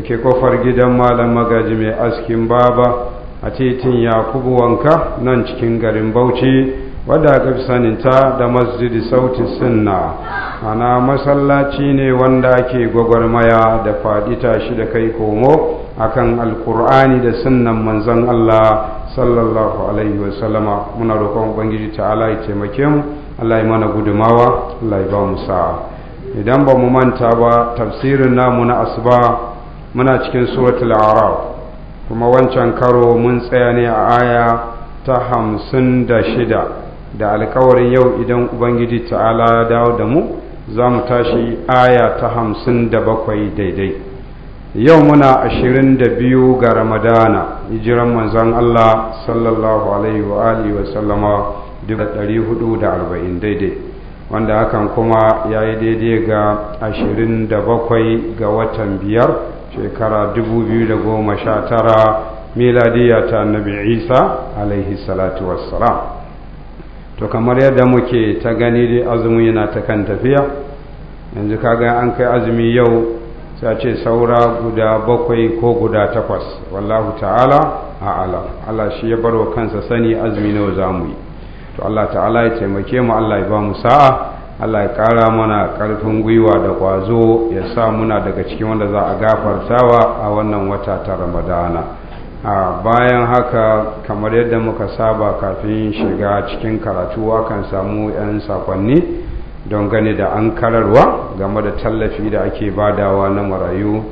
da ke kofar gidan malam magaji mai askin baba a titin yakubu wanka nan cikin garin bauchi wadda aka fi saninta da masjidi sauti sinna ana masallaci ne wanda ake gwagwarmaya da faɗi tashi da kai komo akan alkur'ani da sunnan manzan allah sallallahu alaihi wasallama muna roƙon ubangiji ta'ala ya taimake mu allah ya mana gudumawa allah ba mu idan ba mu manta ba tafsirin namu na asuba muna cikin suratul araf kuma wancan karo mun tsaya ne a aya ta hamsin da shida da alkawarin yau idan ubangiji ta'ala ya dawo da mu za mu tashi aya ta hamsin da bakwai daidai yau muna ashirin da biyu ga ramadana hijiran manzan allah sallallahu alaihi wa alihi wa sallama duk ɗari hudu da arba'in daidai wanda hakan kuma ya yi daidai ga ashirin da bakwai ga watan biyar shekara dubu biyu 2019 miladiya ta annabi isa alaihi salatu wassalam to kamar yadda muke ta gani dai azumi yana ta kan tafiya yanzu kaga an kai azumi yau sai ce saura guda bakwai ko guda takwas wallahu ta'ala ala Allah shi ya barwa kansa sani azumi nawa zamu yi to Allah ta'ala ya taimake mu Allah ya ba mu sa'a Allah ya ƙara mana ƙarfin gwiwa da ƙwazo ya sa muna daga cikin wanda za a gafartawa a wannan wata ta ramadana a bayan haka kamar yadda muka saba kafin shiga cikin karatu akan samu 'yan sakonni don gani da an kararwa game da tallafi da ake badawa na marayu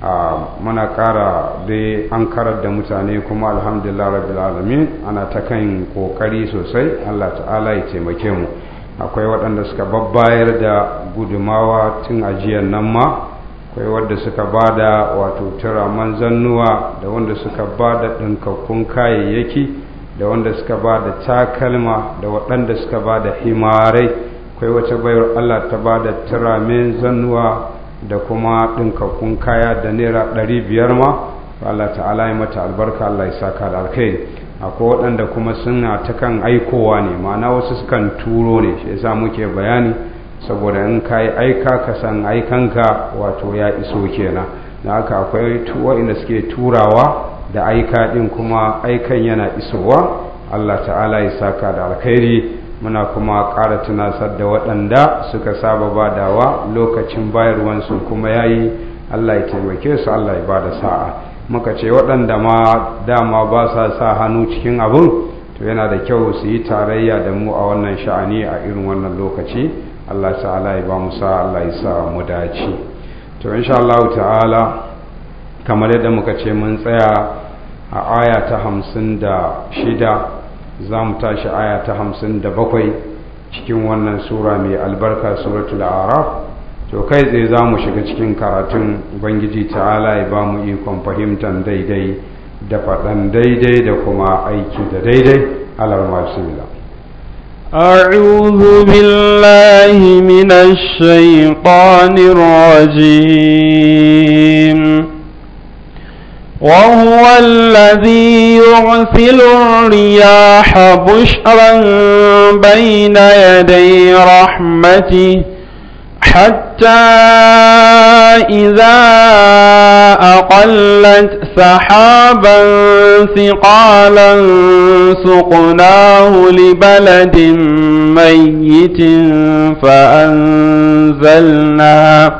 a muna kara dai an karar da mutane kuma alhamdulillah rabbil alamin ana ta kan kokari sosai Allah ta'ala ya taimake mu akwai waɗanda suka babbayar da gudumawa tun ajiyar nan ma akwai wadda suka ba da wato turaman zannuwa da wanda suka ba da ɗinkakkun kayayyaki da wanda suka ba da takalma da waɗanda suka ba da himarai akwai wata bayar allah ta ba da turamin zannuwa da kuma ɗinkakkun kaya da naira ɗari biyar ma Allah ta'ala ya mata albarka Allah ya saka da alkhairi akwai waɗanda kuma suna ta kan aikowa ne ma'ana wasu sukan turo ne shi yasa muke bayani saboda in ka yi aika ka san aikanka wato ya iso kenan da haka akwai waɗanda suke turawa da aika ɗin kuma aikan yana isowa allah ta'ala ya saka da alkhairi muna kuma ƙara tunasar da waɗanda suka saba badawa lokacin bayarwansu kuma ya yi allah ya taimake su allah ya ba da sa'a muka ce waɗanda ma dama ba sa sa hannu cikin abin to yana da kyau su yi tarayya da mu a wannan sha'ani a irin wannan lokaci Allah ta'ala ya ba mu sa Allah ya sa mu dace to insha Allah ta'ala kamar yadda muka ce mun tsaya a aya ta hamsin da shida za mu tashi aya ta hamsin da bakwai cikin wannan sura mai albarka suratul araf to kai zamu za mu shiga cikin karatun ubangiji ta'ala ya ba mu ikon fahimtar daidai da faɗan daidai da kuma aiki da daidai alarma bismillah أعوذ بالله من الشيطان الرجيم وهو الذي يرسل الرياح بشرا بين يدي رحمته حتى إذا أقلت سحابا ثقالا سقناه لبلد ميت فأنزلنا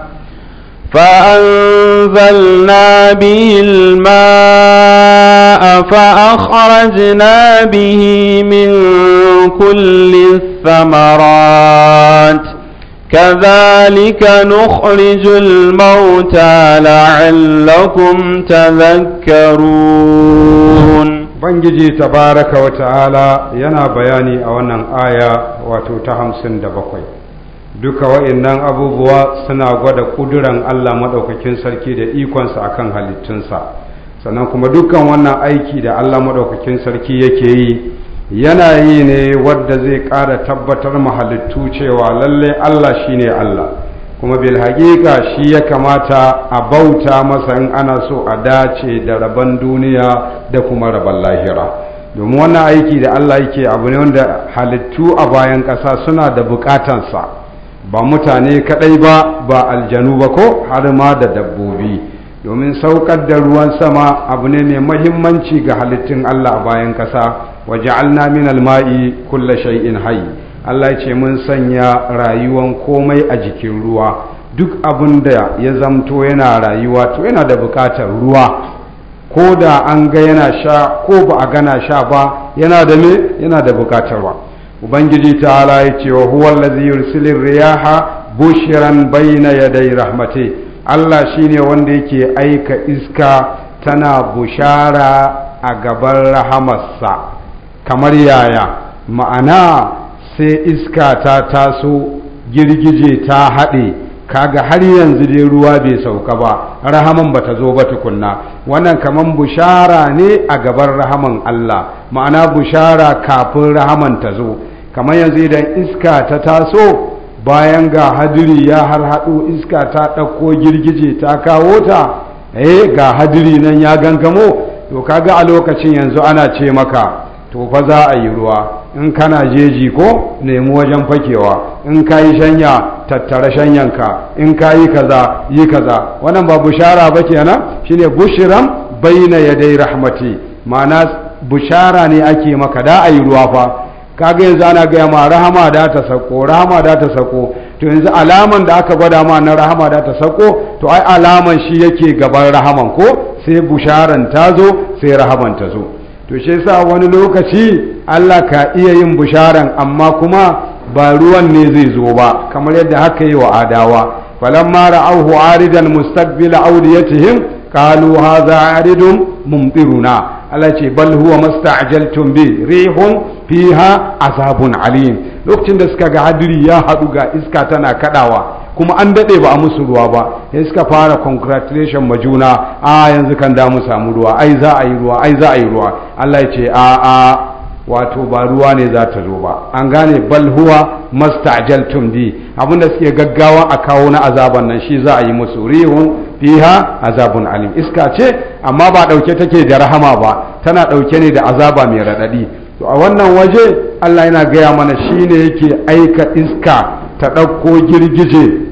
فأنزلنا به الماء فأخرجنا به من كل الثمرات كذلك نخرج الموتى لعلكم تذكرون Ubangiji tabaraka wa ta'ala yana bayani a wannan aya wato ta hamsin da bakwai duka wa'innan abubuwa suna gwada kuduran Allah maɗaukakin sarki da ikonsa akan halittunsa sannan kuma dukkan wannan aiki da Allah maɗaukakin sarki yake yi yana yi ne wadda zai ƙara tabbatar mahalittu cewa lalle Allah shi ne Allah kuma bil hakika shi ya kamata a bauta masa in ana so a dace da rabon duniya da kuma rabon lahira domin wannan aiki da Allah yake abu ne wanda halittu a bayan ƙasa suna da buƙatansa ba mutane kaɗai ba ba aljanu ba ko har ma da dabbobi domin saukar da ruwan sama abu ne mai mahimmanci ga halittun Allah a bayan ƙasa wa ja'alna min alma'i kulla shay'in hayy Allah ya ce mun sanya rayuwan komai a jikin ruwa duk abin da ya zamto yana rayuwa to yana da bukatar ruwa ko da an ga yana sha ko ba a gana sha ba yana da me yana da bukatar ruwa ubangiji ta'ala ya ce wa huwa allazi yursilir riyaha bushran bayna yaday rahmati Allah shine wanda yake aika iska tana bushara a gaban rahamarsa kamar yaya ma'ana sai iska ta taso girgije ta haɗe kaga har yanzu dai ruwa bai sauka ba rahaman ba ta zo ba tukunna wannan kamar bushara ne a gaban rahaman Allah ma'ana bushara kafin rahaman ta zo kamar yanzu idan iska ta taso bayan ga hadiri ya har haɗo iska ta ɗauko girgije ta kawo ta eh ga hadiri nan ya gangamo to kaga a lokacin yanzu ana ce maka to fa za a yi ruwa in kana jeji ko nemi wajen fakewa in ka yi shanya tattara shanyanka in ka yi kaza yi kaza wannan ba bushara ba ke nan shi ne bushiran baina dai rahmati ma'ana bushara ne ake maka da a yi ruwa fa kaga yanzu ana gaya ma rahama da ta sako rahama da ta sako to yanzu alaman da aka gwada ma na rahama da ta sako to ai alaman shi yake gaban rahaman ko sai busharan ta zo sai rahaman ta zo to shi yasa wani lokaci Allah ka iya yin bisharan amma kuma ba ruwan ne zai zo ba kamar yadda haka yi wa adawa falamma ra'awhu aridan mustaqbila awdiyatihim qalu hadha aridun mumtiruna Allah ce bal huwa masta'jaltum bi rihun fiha azabun alim lokacin da suka ga hadiri ya haɗu ga iska tana kaɗawa. kuma an daɗe ba a musu ruwa ba ya suka fara congratulation ma juna a yanzu kan damu samu ruwa ai za a yi ruwa ai za a yi ruwa Allah ya ce a a wato ba ruwa ne za ta zo ba an gane bal huwa mastajaltum di abinda suke gaggawa a kawo na azaban nan shi za a yi musu rihun fiha azabun alim iska ce amma ba dauke take da rahama ba tana dauke ne da azaba mai radadi to a wannan waje Allah yana gaya mana shi shine yake aika iska ta ɗauko girgije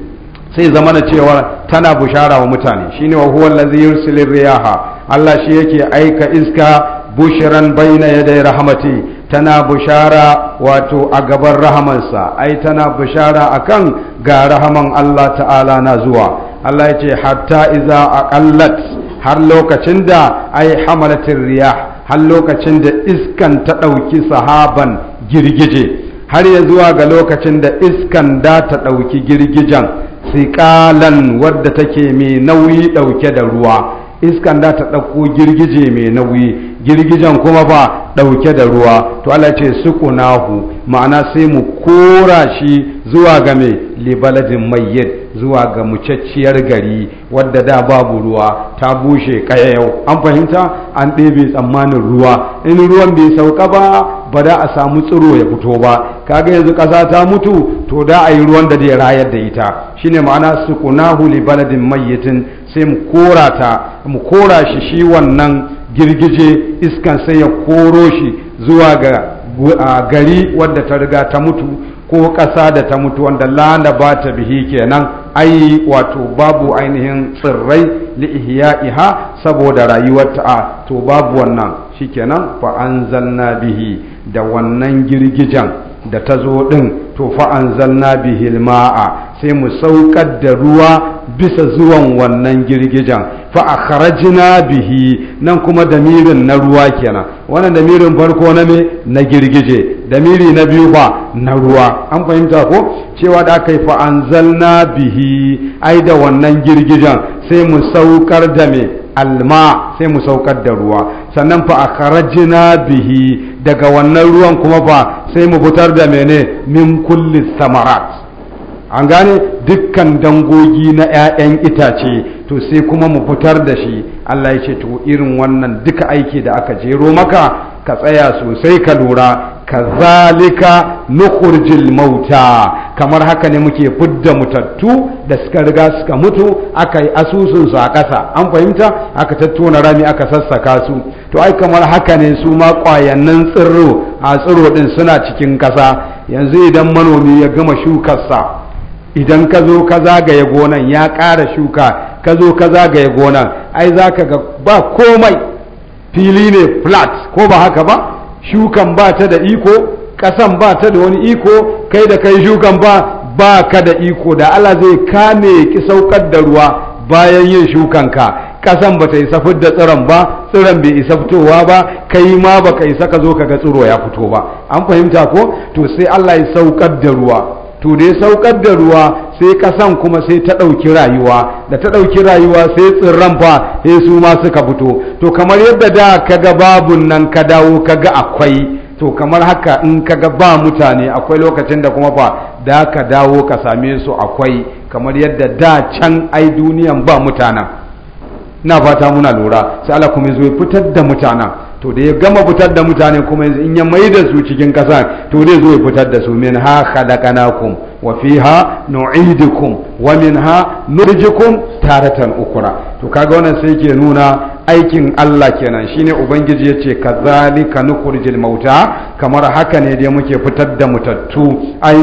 sai zama na cewa tana bushara wa mutane shine wa huwa allazi yursilir riyaha Allah shi yake aika iska bushran baina yada rahmati tana bushara wato a gaban rahamansa ai tana bushara akan ga rahaman Allah ta'ala na zuwa Allah ya ce hatta iza aqallat har lokacin da ai hamalatir riyah har lokacin da iskan ta ɗauki sahaban girgije har ya zuwa ga lokacin da iskan da ta ɗauki girgijen sikalan wadda take mai nauyi ɗauke da ruwa iskan da ta ɗauko girgije mai nauyi girgijen kuma ba ɗauke da ruwa to Allah ce sukunahu ma'ana sai mu kora shi zuwa ga mai libaladin mayyid zuwa ga mucacciyar gari wadda da babu ruwa ta bushe kayayau an fahimta an ɗebe tsammanin ruwa in ruwan bai sauka ba ba da a samu tsiro ya fito ba kaga yanzu ƙasa ta mutu to da a yi ruwan da zai rayar da ita shine ma'ana kunahu libaladin mayyitin sai mu kora ta mu kora shi shi wannan girgije iskan sai ya koro shi zuwa ga gari wadda ta riga ta mutu ko ƙasa da ta mutu wanda lana ba ta bihi kenan ai wato babu ainihin tsirrai li'ihya'iha saboda rayuwarta a to babu wannan shikenan fa anzalna bihi da wannan girgijen. da ta zo ɗin to zanna bihil ma'a sai mu saukar da ruwa bisa zuwan wannan girgijan kharajina bihi nan kuma damirin na ruwa kenan wannan damirin farko na me na girgije damiri na biyu ba na ruwa an fahimta ko cewa da aka yi zanna bihi ai da wannan girgijan sai mu saukar da me alma sai mu saukar da ruwa sannan fa a karajina bihi daga wannan ruwan kuma fa sai mu fitar da mene min kulli samarat an gane dukkan dangogi na 'ya'yan itace to sai kuma mu fitar da shi Allah ya ce to irin wannan duka aiki da aka jero maka ka tsaya sosai ka lura kazalika nukurjil mauta kamar haka ne muke fidda mutattu da suka riga suka mutu aka yi asusun su a ƙasa an fahimta aka tattona rami aka sassaka su to ai kamar haka ne su ma ƙwayannan tsiro a tsiro ɗin suna cikin ƙasa yanzu idan manomi ya gama shukarsa idan ka zo ka zagaye gonan ya ƙara shuka ka zo ka zagaye gonan ai za ga ba komai fili ne flat ko ba haka ba shukan ba ta da iko kasan ba ta da wani iko kai da kai shukan ba ba ka da iko da Allah zai kame ki saukar da ruwa bayan yin shukan ka. ƙasan ba ta isa fidda tsiron ba tsiron bai isa fitowa ba kai ma ba ka isa ka zo ka ga tsiro ya fito ba an fahimta ko to sai Allah ya saukar da ruwa to dai saukar da ruwa sai kasan kuma sai ta ɗauki rayuwa da ta ɗauki rayuwa sai tsirran fa sai su ma suka fito to kamar yadda da kaga babun nan ka dawo kaga akwai to kamar haka in ka ga ba mutane akwai lokacin da kuma fa da ka dawo ka same su akwai kamar yadda da can ai duniyan ba mutanen na fata muna lura sai Allah kuma zo fitar da mutanen to da ya gama fitar da mutane kuma in ya mai da su cikin ƙasa to zai zo ya fitar da su min ha khalaqnakum wa fiha nu'idukum wa min ha nurjikum taratan ukura to kaga wannan sai ke nuna aikin Allah kenan shine ubangiji ya yace kazalika nukhrijul mauta kamar haka ne dai muke fitar da mutattu ay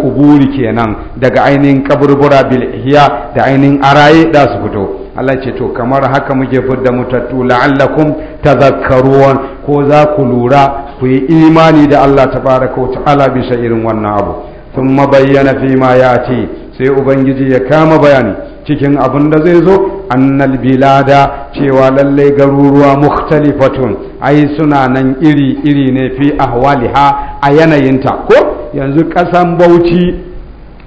kuburi kenan daga ainihin kaburbura bil ihya da ainihin araye da su fito Allah ce to kamar haka muke fidda mutattu la'allakum tadhakkarun ko za ku lura ku yi imani da Allah tabaraka wa ta'ala bisa irin wannan abu thumma bayyana fi ma ce sai ubangiji ya kama bayani cikin abin da zai zo annal bilada cewa lallai garuruwa mukhtalifatun ai suna nan iri iri ne fi ahwaliha a yanayinta ko yanzu kasan Bauchi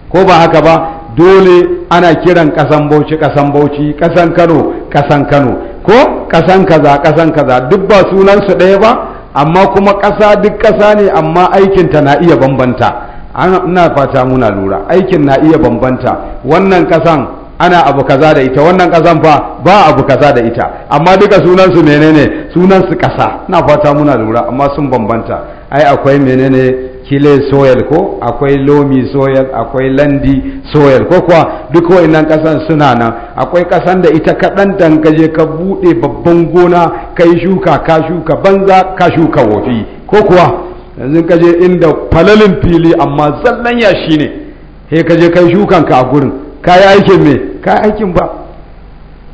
ko ba haka ba dole ana kiran ƙasan bauchi ƙasan bauchi ƙasan kano ƙasan kano ko ƙasan kaza ƙasan kaza duk ba sunansu ɗaya ba amma kuma ƙasa duk ƙasa ne amma aikinta na iya bambanta ina fata muna lura aikin na iya bambanta wannan ƙasan ana abu kaza da ita wannan ƙasan fa ba abu kaza da ita amma duka sunansu menene sunansu ƙasa na fata muna lura amma sun bambanta ai akwai menene kile soil ko akwai lomi soil akwai landi soil ko kuwa duk wa'annan kasan suna nan akwai kasan da ita kaɗan dan kaje ka buɗe babban gona ka yi shuka ka shuka banza ka shuka wofi ko kuwa yanzu kaje inda falalin fili amma zallan shi ne he kaje kai shukan ka a gurin ka yi aikin me ka yi aikin ba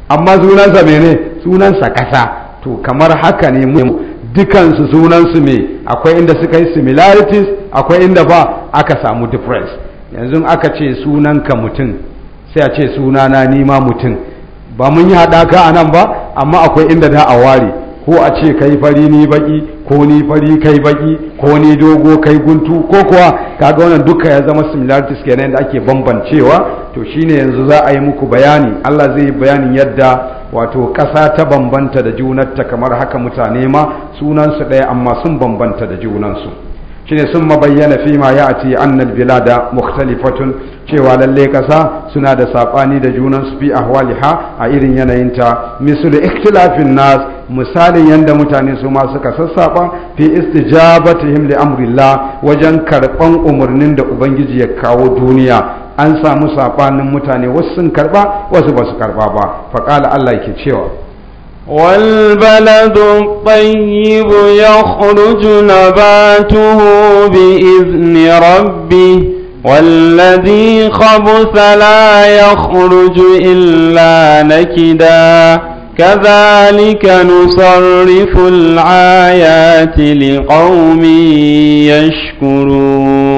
amma sunansa mene sunansa kasa to kamar haka ne mu dukansu sunansu me akwai inda suka yi similarities akwai inda ba aka samu difference yanzu aka ce sunanka mutum sai a ce sunana nima mutum ba mun yi haɗaka a nan ba amma akwai inda da a ware ko a ce kai fari ni baki ko ni fari kai baki ko ni dogo kai guntu ko kuwa kaga wannan duka ya zama similarities kenan da ake bambancewa to shine yanzu za a yi muku bayani Allah zai yi bayanin yadda wato ƙasa ta bambanta da junarta kamar haka mutane ma sunansu ɗaya amma sun bambanta da junansu shine sun mabayyana fi ma ya ce annal bilada mukhtalifatun cewa lalle ƙasa suna da saɓani da junansu fi ahwaliha a irin yanayinta misali ikhtilafin nas misalin yadda mutane su ma suka sassaɓa fi istijabatihim li amrillah wajen karɓan umarnin da ubangiji ya kawo duniya an samu saɓanin mutane wasu sun karɓa wasu ba su karɓa ba faƙala Allah ke cewa والبلد الطيب يخرج نباته بإذن ربه والذي خبث لا يخرج إلا نكدا كذلك نصرف الآيات لقوم يشكرون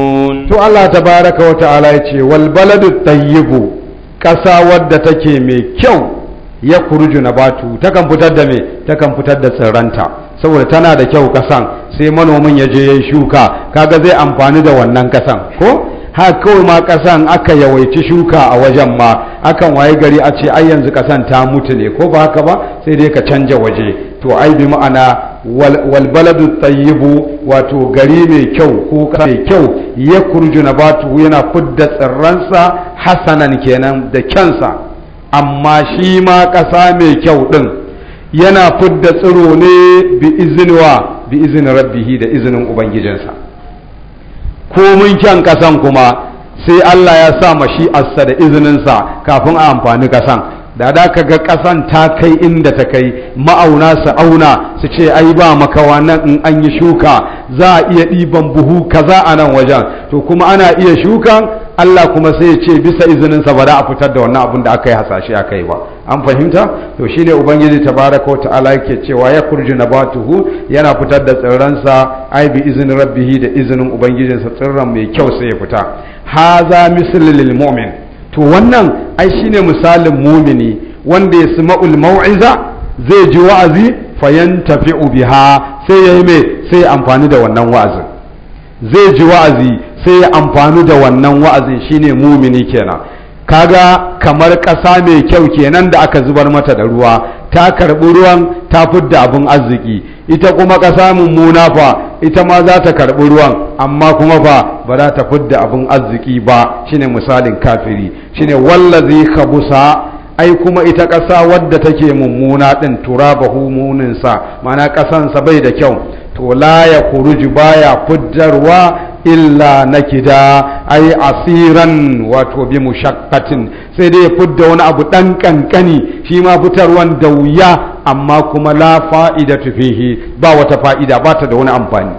to Allah ta wa ta'ala ya ce wal baladu tayyibu ƙasa wadda take mai kyau ya kuruju na batu takan fitar da me takan fitar da tsiranta saboda tana da kyau kasan sai manomin ya je ya shuka kaga zai amfani da wannan kasan ko ha kawai ma kasan aka yawaici shuka a wajen ma akan waye gari a ce ai yanzu kasan ta mutu ne ko ba haka ba sai dai ka canja waje to ai bi ma'ana walbaladu tayyibu wato gari mai kyau ko kasa mai kyau ya kurju na batu yana fidda tsirransa hasanan kenan da kyansa amma shi ma ƙasa mai kyau ɗin yana fidda tsiro ne bi izinwa bi izin rabbihi da izinin ubangijinsa komin kyan ƙasan kuma sai Allah ya sa mashi assa da izininsa kafin a amfani ƙasan da da ka ga kasan ta kai inda ta kai ma'auna su auna su ce ai ba makawa nan in an yi shuka za a iya ɗiban buhu kaza a nan wajen to kuma ana iya shukan Allah kuma sai ya ce bisa izininsa ba da a fitar da wannan abin da aka yi hasashe a kai ba an fahimta to shi ne ubangiji ta tabaraka ta ta'ala yake cewa ya kurji na tuhu yana fitar da tsirransa ai bi izinin rabbihi da izinin ubangijinsa tsirran mai kyau sai ya fita haza misl lil mu'min to wannan ai shine misalin mumini wanda ya sama'ul mau'iza zai ji wa'azi fayan ubi biha sai ya yi mai sai amfani da wannan wa'azin zai ji wa'azi sai ya amfani da wannan wa'azin shine mumini kenan kaga kamar ƙasa mai kyau kenan da aka zubar mata da ruwa ta karɓi ruwan ta fidda abin arziki ita kuma ƙasa mummuna fa ita ma za ta karɓi ruwan amma kuma ba ba za ta fidda abin arziki ba shine misalin kafiri shine wallazi kabusa ai kuma ita ƙasa wadda take mummuna ɗin ba muninsa mana ƙasansa bai da kyau to la ya kuruji baya fuddarwa illa na kida ai asiran wato bi mushakkatin sai dai ya fudda wani abu ɗan ƙanƙani shi ma fitarwan da wuya amma kuma la fa'ida fihi ba wata fa'ida ba ta da wani amfani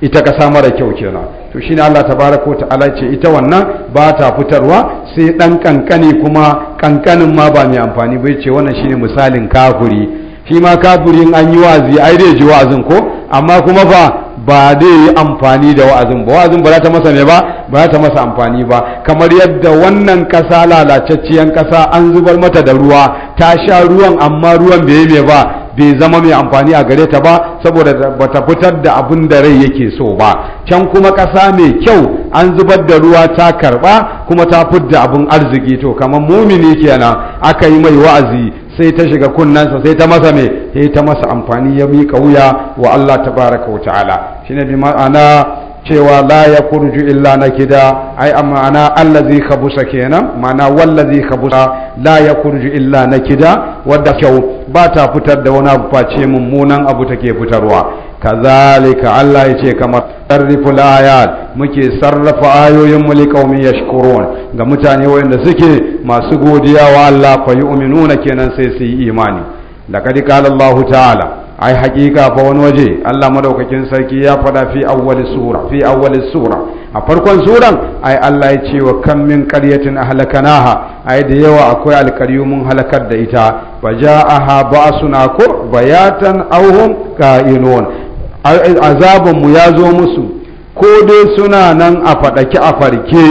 ita samar mara kyau kenan to shine Allah ta tabaraka ta'ala ce ita wannan ba ta fitarwa sai ɗan kankani kuma kankanin ma ba mai amfani bai ce wannan shine misalin kafuri shi ma kafurin an yi wazi ai dai ji wa'azin ko amma kuma fa ba zai yi amfani da wa'azin ba wa'azin ba za ta masa ne ba ba za ta masa amfani ba kamar yadda wannan ƙasa lalacacciyan kasa an zubar mata da ruwa ta sha ruwan amma ruwan bai yi ba bai zama mai amfani a gare ta ba saboda ba ta fitar da abin da rai yake so ba can kuma ƙasa mai kyau an zubar da ruwa ta karɓa kuma ta fidda abin arziki to kamar mumini kenan aka yi mai wa'azi sai ta shiga kunnansa sai ta masa me sai ta masa amfani ya miƙa wuya wa Allah tabaraka wa ta'ala ne bi ma'ana cewa la ya kurju illa na gida ai ma'ana allazi busa kenan ma'ana wallazi busa la ya kurju illa na gida wadda kyau ba ta fitar da wani abu face mummunan abu take fitarwa kazalika Allah ya ce kamar sarrafa ayat muke sarrafa ayoyin mu liqaumin yashkurun ga mutane wanda suke masu godiya wa Allah fa yu'minuna kenan sai su yi imani laqad qala Allah ta'ala ai haƙiƙa fa wani waje Allah madaukakin sarki ya fada fi awwali sura fi awwali sura a farkon suran ai Allah ya ce wa kam min qaryatin ahlakanaha ai da yawa akwai alkaryu mun halakar da ita faja'aha ba'suna ko bayatan aw hum ka'inun azabun mu ya zo musu ko dai suna nan a faɗaki a farke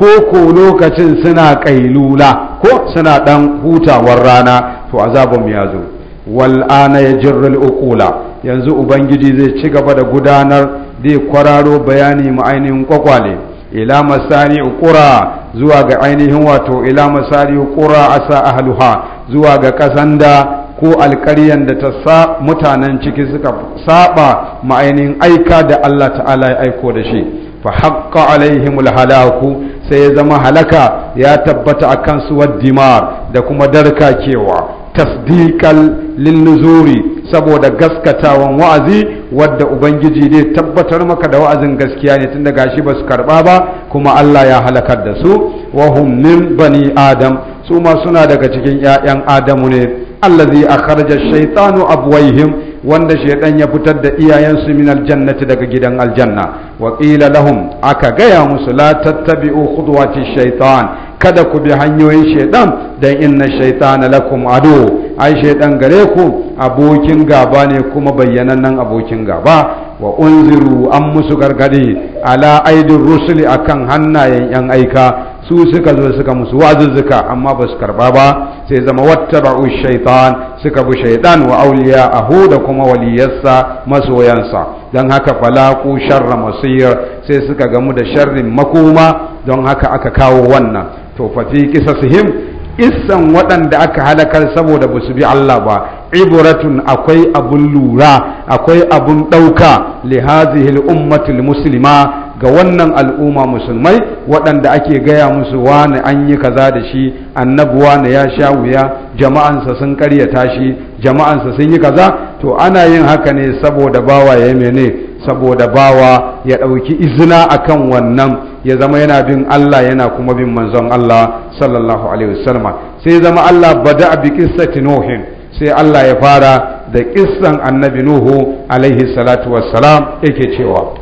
ko ko lokacin suna kailula ko suna dan hutawar rana to azabun ya zo wal'ana ya jirrul uqula yanzu ubangiji zai ci gaba da gudanar zai kwararo bayani mu ainihin kwakwale ila masani ukura zuwa ga ainihin wato ila masani qura asa ahluha zuwa ga kasan da ko alƙaryan da ta sa mutanen ciki suka saba ma aika da Allah ta'ala ya aiko da shi fa haqqa alaihimul halaku sai ya zama halaka ya tabbata akan su dimar da kuma kewa. tasdiqal lilnuzuri saboda gaskatawan wa'azi wadda ubangiji zai tabbatar maka da wa'azin gaskiya ne tun da gashi basu su karba ba kuma Allah ya halakar da su wa hum min bani adam su ma suna daga cikin 'ya'yan adamu ne allazi akhraja ash-shaytanu abwaihim wanda shaidan ya fitar da iyayensu min aljannati daga gidan aljanna wa qila lahum aka gaya musu la tattabi'u khudwati shaitan kada ku bi hanyoyin shaidan dan inna shaitana lakum adu ai shaidan gare ku abokin gaba ne kuma bayyanannen abokin gaba wa unziru an musu gargadi ala aidin rusuli akan hannayen yan aika su suka zo suka musu wazuzzuka amma ba su karba ba sai zama wattaba'u shaitan suka bi shaitan wa auliya ahu da kuma waliyarsa masoyansa don haka falaku sharra masir sai suka gamu da sharrin makoma don haka aka kawo wannan to fa fi qisasihim isan waɗanda aka halakar saboda ba su bi Allah ba iburatun akwai abun lura akwai abun ɗauka li hazihil ummatul muslima ga wannan al'umma musulmai waɗanda ake gaya musu wani an yi kaza da shi annabi wani ya sha wuya jama'ansa sun karyata shi jama'ansa sun yi kaza to ana yin haka ne saboda bawa ya mene saboda bawa ya ɗauki izina akan wannan ya zama yana bin Allah yana kuma bin manzon Allah sallallahu alaihi wasallam sai zama Allah bada bi qissati nuhin sai Allah ya fara da kissan annabi nuhu alaihi salatu wassalam yake cewa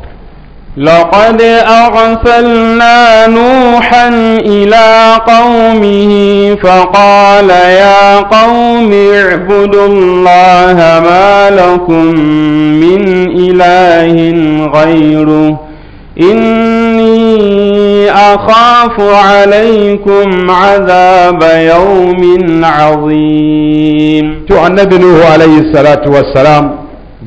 لقد أرسلنا نوحا إلى قومه فقال يا قوم اعبدوا الله ما لكم من إله غيره إني أخاف عليكم عذاب يوم عظيم تو النبي نوح عليه الصلاة والسلام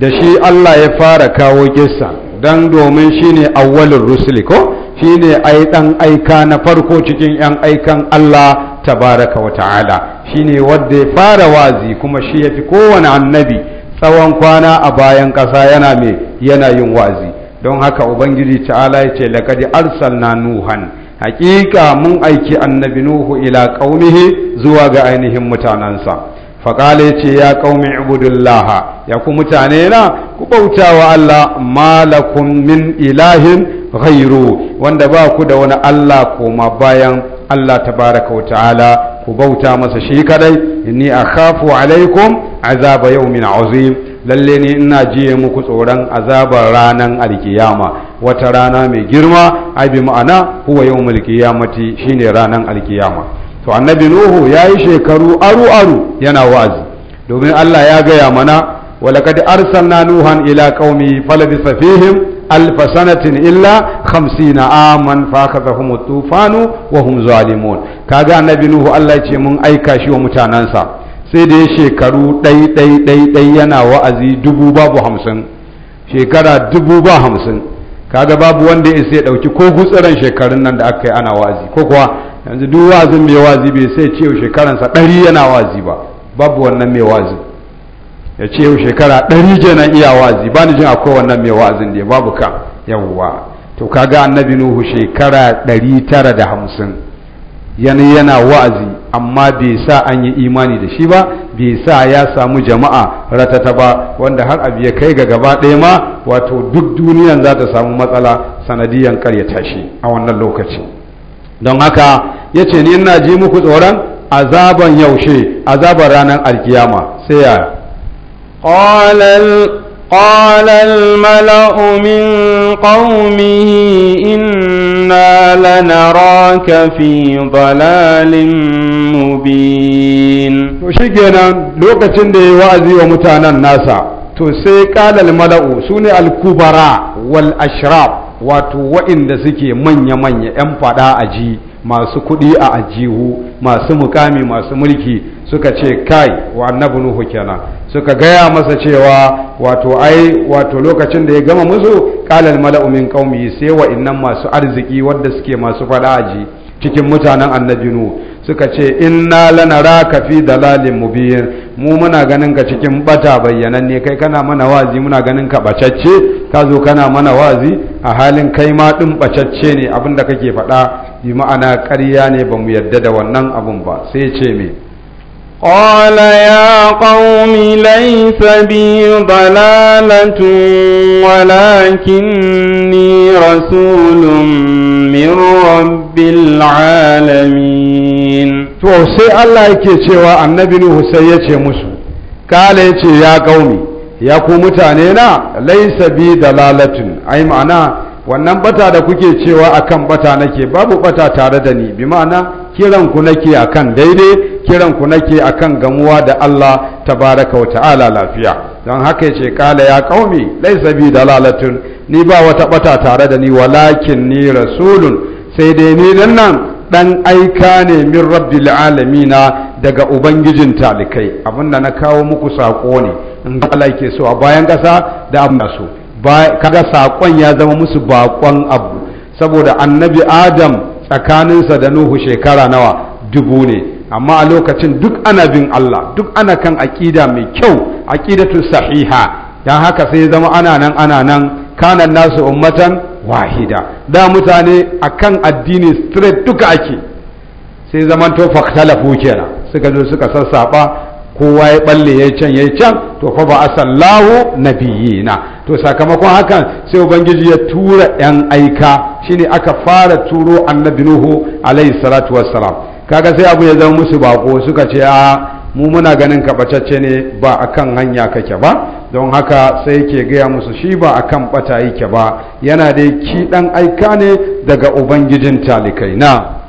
دشي الله يفارك وجسم Dan domin shi ne awwalin rusuli ko shi ne ai ɗan aika na farko cikin 'yan aikan Allah tabaraka wa ta'ala shi ne wadda ya fara wazi kuma shi ya fi kowane annabi tsawon kwana a bayan ƙasa yana mai yana yin wazi don haka ubangiji ta'ala ya ce laqad arsalna nuhan hakika mun aiki annabi nuhu ila qaumihi zuwa ga ainihin mutanansa. faƙale ce ya ƙaumi ibudullah ya ku mutane na ku bauta wa Allah malakun min ilahin ghairu wanda ba ku da wani Allah koma bayan Allah tabaraka wa ta'ala ku bauta masa shi kadai inni akhafu alaikum azaba yawmin azim lalle ne ina jiye muku tsoron azabar ranan alkiyama wata rana mai girma ai bi ma'ana huwa yawmul qiyamati shine ranan alkiyama to annabi nuhu ya yi shekaru aru aru yana wazi domin Allah ya gaya mana walaqad arsalna nuhan ila qaumi falabisa fihim alf sanatin illa 50 aman fakazahum tufanu wa hum zalimun kaga annabi nuhu Allah ya ce mun aika shi wa mutanansa sai da shekaru ɗai ɗai ɗai ɗai yana wa'azi dubu babu hamsin shekara dubu ba hamsin kaga babu wanda ya sai ɗauki ko gutsiran shekarun nan da aka yi ana wa'azi ko kuwa yanzu duk wazin mai wazi bai sai ce yau shekaransa ɗari yana wazi ba babu wannan mai wazi ya ce yau shekara ɗari kenan iya wazi ba ni jin akwai wannan mai wazin da babu ka yawwa to kaga annabi nuhu shekara ɗari tara da hamsin yana yana wa'azi amma bai sa an yi imani da shi ba bai sa ya samu jama'a ratata ba wanda har abu ya kai ga gaba ɗaya ma wato duk duniyan za ta samu matsala sanadiyan ya tashi a wannan lokacin. don haka ya ce ni ina ji muku tsoron azaban yaushe azaban ranar alkiyama sai ya قال الملأ من قومه إنا لنراك في ضلال مبين وشيكينا لوكتين دي وعزي ومتانا الناس تسي قال الملأ سوني الكبراء والأشراف wato waɗanda suke manya-manya 'yan fada a ji masu kuɗi a ajihu masu mukami masu mulki suka ce kai wa annabi nuhu kenan suka gaya masa cewa wato ai wato lokacin da ya gama musu kalal mala'u min qaumi sai wa innan masu arziki wanda suke masu fada aji cikin mutanen annabi nuhu suka ce inna ka fi dalalin mubiyin mu muna ganin ka cikin bata ne kai kana mana wazi muna ganin ka bacacce ka zo kana mana wazi a halin kai ma din bacacce ne abinda kake faɗa bi ma'ana ƙarya ne ba mu yadda da wannan abun ba sai ce me قال يا قوم ليس بي ضلالة ولكني رسول من رب العالمين to sai Allah yake cewa annabi Nuhu sai ya ce musu kale ya ce ya kaumi ya ku mutane na laisa bi dalalatun ai ma'ana wannan bata da kuke cewa akan bata nake babu bata tare da ni bi ma'ana kiran ku nake akan daidai kiranku nake akan gamuwa da Allah tabaraka wa ta'ala lafiya don haka yace kala ya kaumi laysa bi dalalatun ni ba wata bata tare da ni walakin ni rasulun sai dai ni dan nan dan aika ne min rabbil alamina daga ubangijin talikai abinda na kawo muku sako ne in ga Allah yake so a bayan kasa da abin so kaga sakon ya zama musu bakon abu saboda annabi adam tsakaninsa da nuhu shekara nawa dubu ne amma a lokacin duk ana bin Allah duk ana kan aƙida mai kyau aƙidatu sahiha don haka sai zama ana nan ana nan kanan nasu ummatan wahida da mutane akan addini straight duka ake sai zaman to faktalafu kenan suka zo suka sassaɓa kowa ya balle ya can ya can to fa ba a asallahu nabiyina to sakamakon hakan sai ubangiji ya tura yan aika shine aka fara turo annabi nuhu salatu wassalam kaga sai abu ya zama musu bako suka ce a mu muna ganin kaɓatacce ne ba akan hanya kake ba don haka sai ke gaya musu shi ba akan bata yake ba yana dai ki ɗan aika ne daga ubangijin talikai na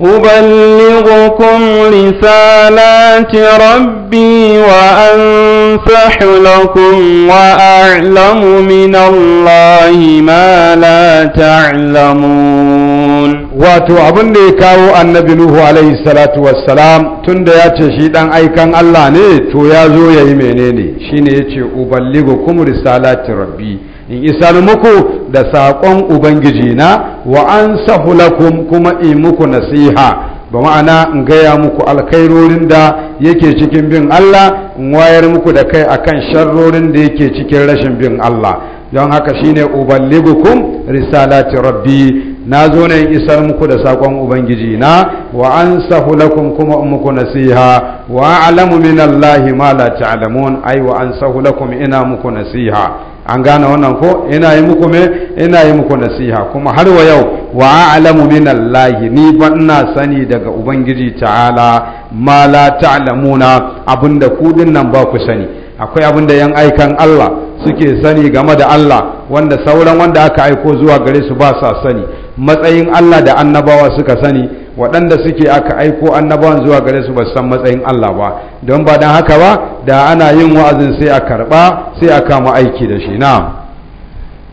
أبلغكم رسالات ربي وأنصح لكم وأعلم من الله ما لا تعلمون wato abin da ya kawo annabi Nuhu alaihi salatu wassalam tun da ya ce shi dan aikan Allah ne to ya zo ya yi menene shine yace ce uballigo kuma risalati rabbi in isar muku da saƙon ubangiji na wa an sahulakum kuma in muku nasiha ba ma'ana in gaya muku alkairorin da yake cikin bin Allah in wayar muku da kai akan sharrorin da yake cikin rashin bin Allah don haka shine uballigukum risalati rabbi na zo na in isar muku da saƙon ubangiji na wa an lakum kuma in muku nasiha wa a'lamu min Allah ma la ta'lamun ai wa an lakum ina muku nasiha an gane wannan ko ina yi muku me ina yi muku nasiha kuma har wa yau wa a'lamu minallahi ni ba ina sani daga ubangiji ta'ala ma la ta'lamuna abinda ku nan ba ku sani akwai abinda yan aikan Allah suke sani game da Allah wanda sauran wanda aka aiko zuwa gare su ba sa sani matsayin Allah da annabawa suka sani waɗanda suke aka aiko annabawan zuwa gare su ba san matsayin Allah ba don ba dan haka ba da ana yin wa'azin sai a karɓa sai a kama aiki da shi na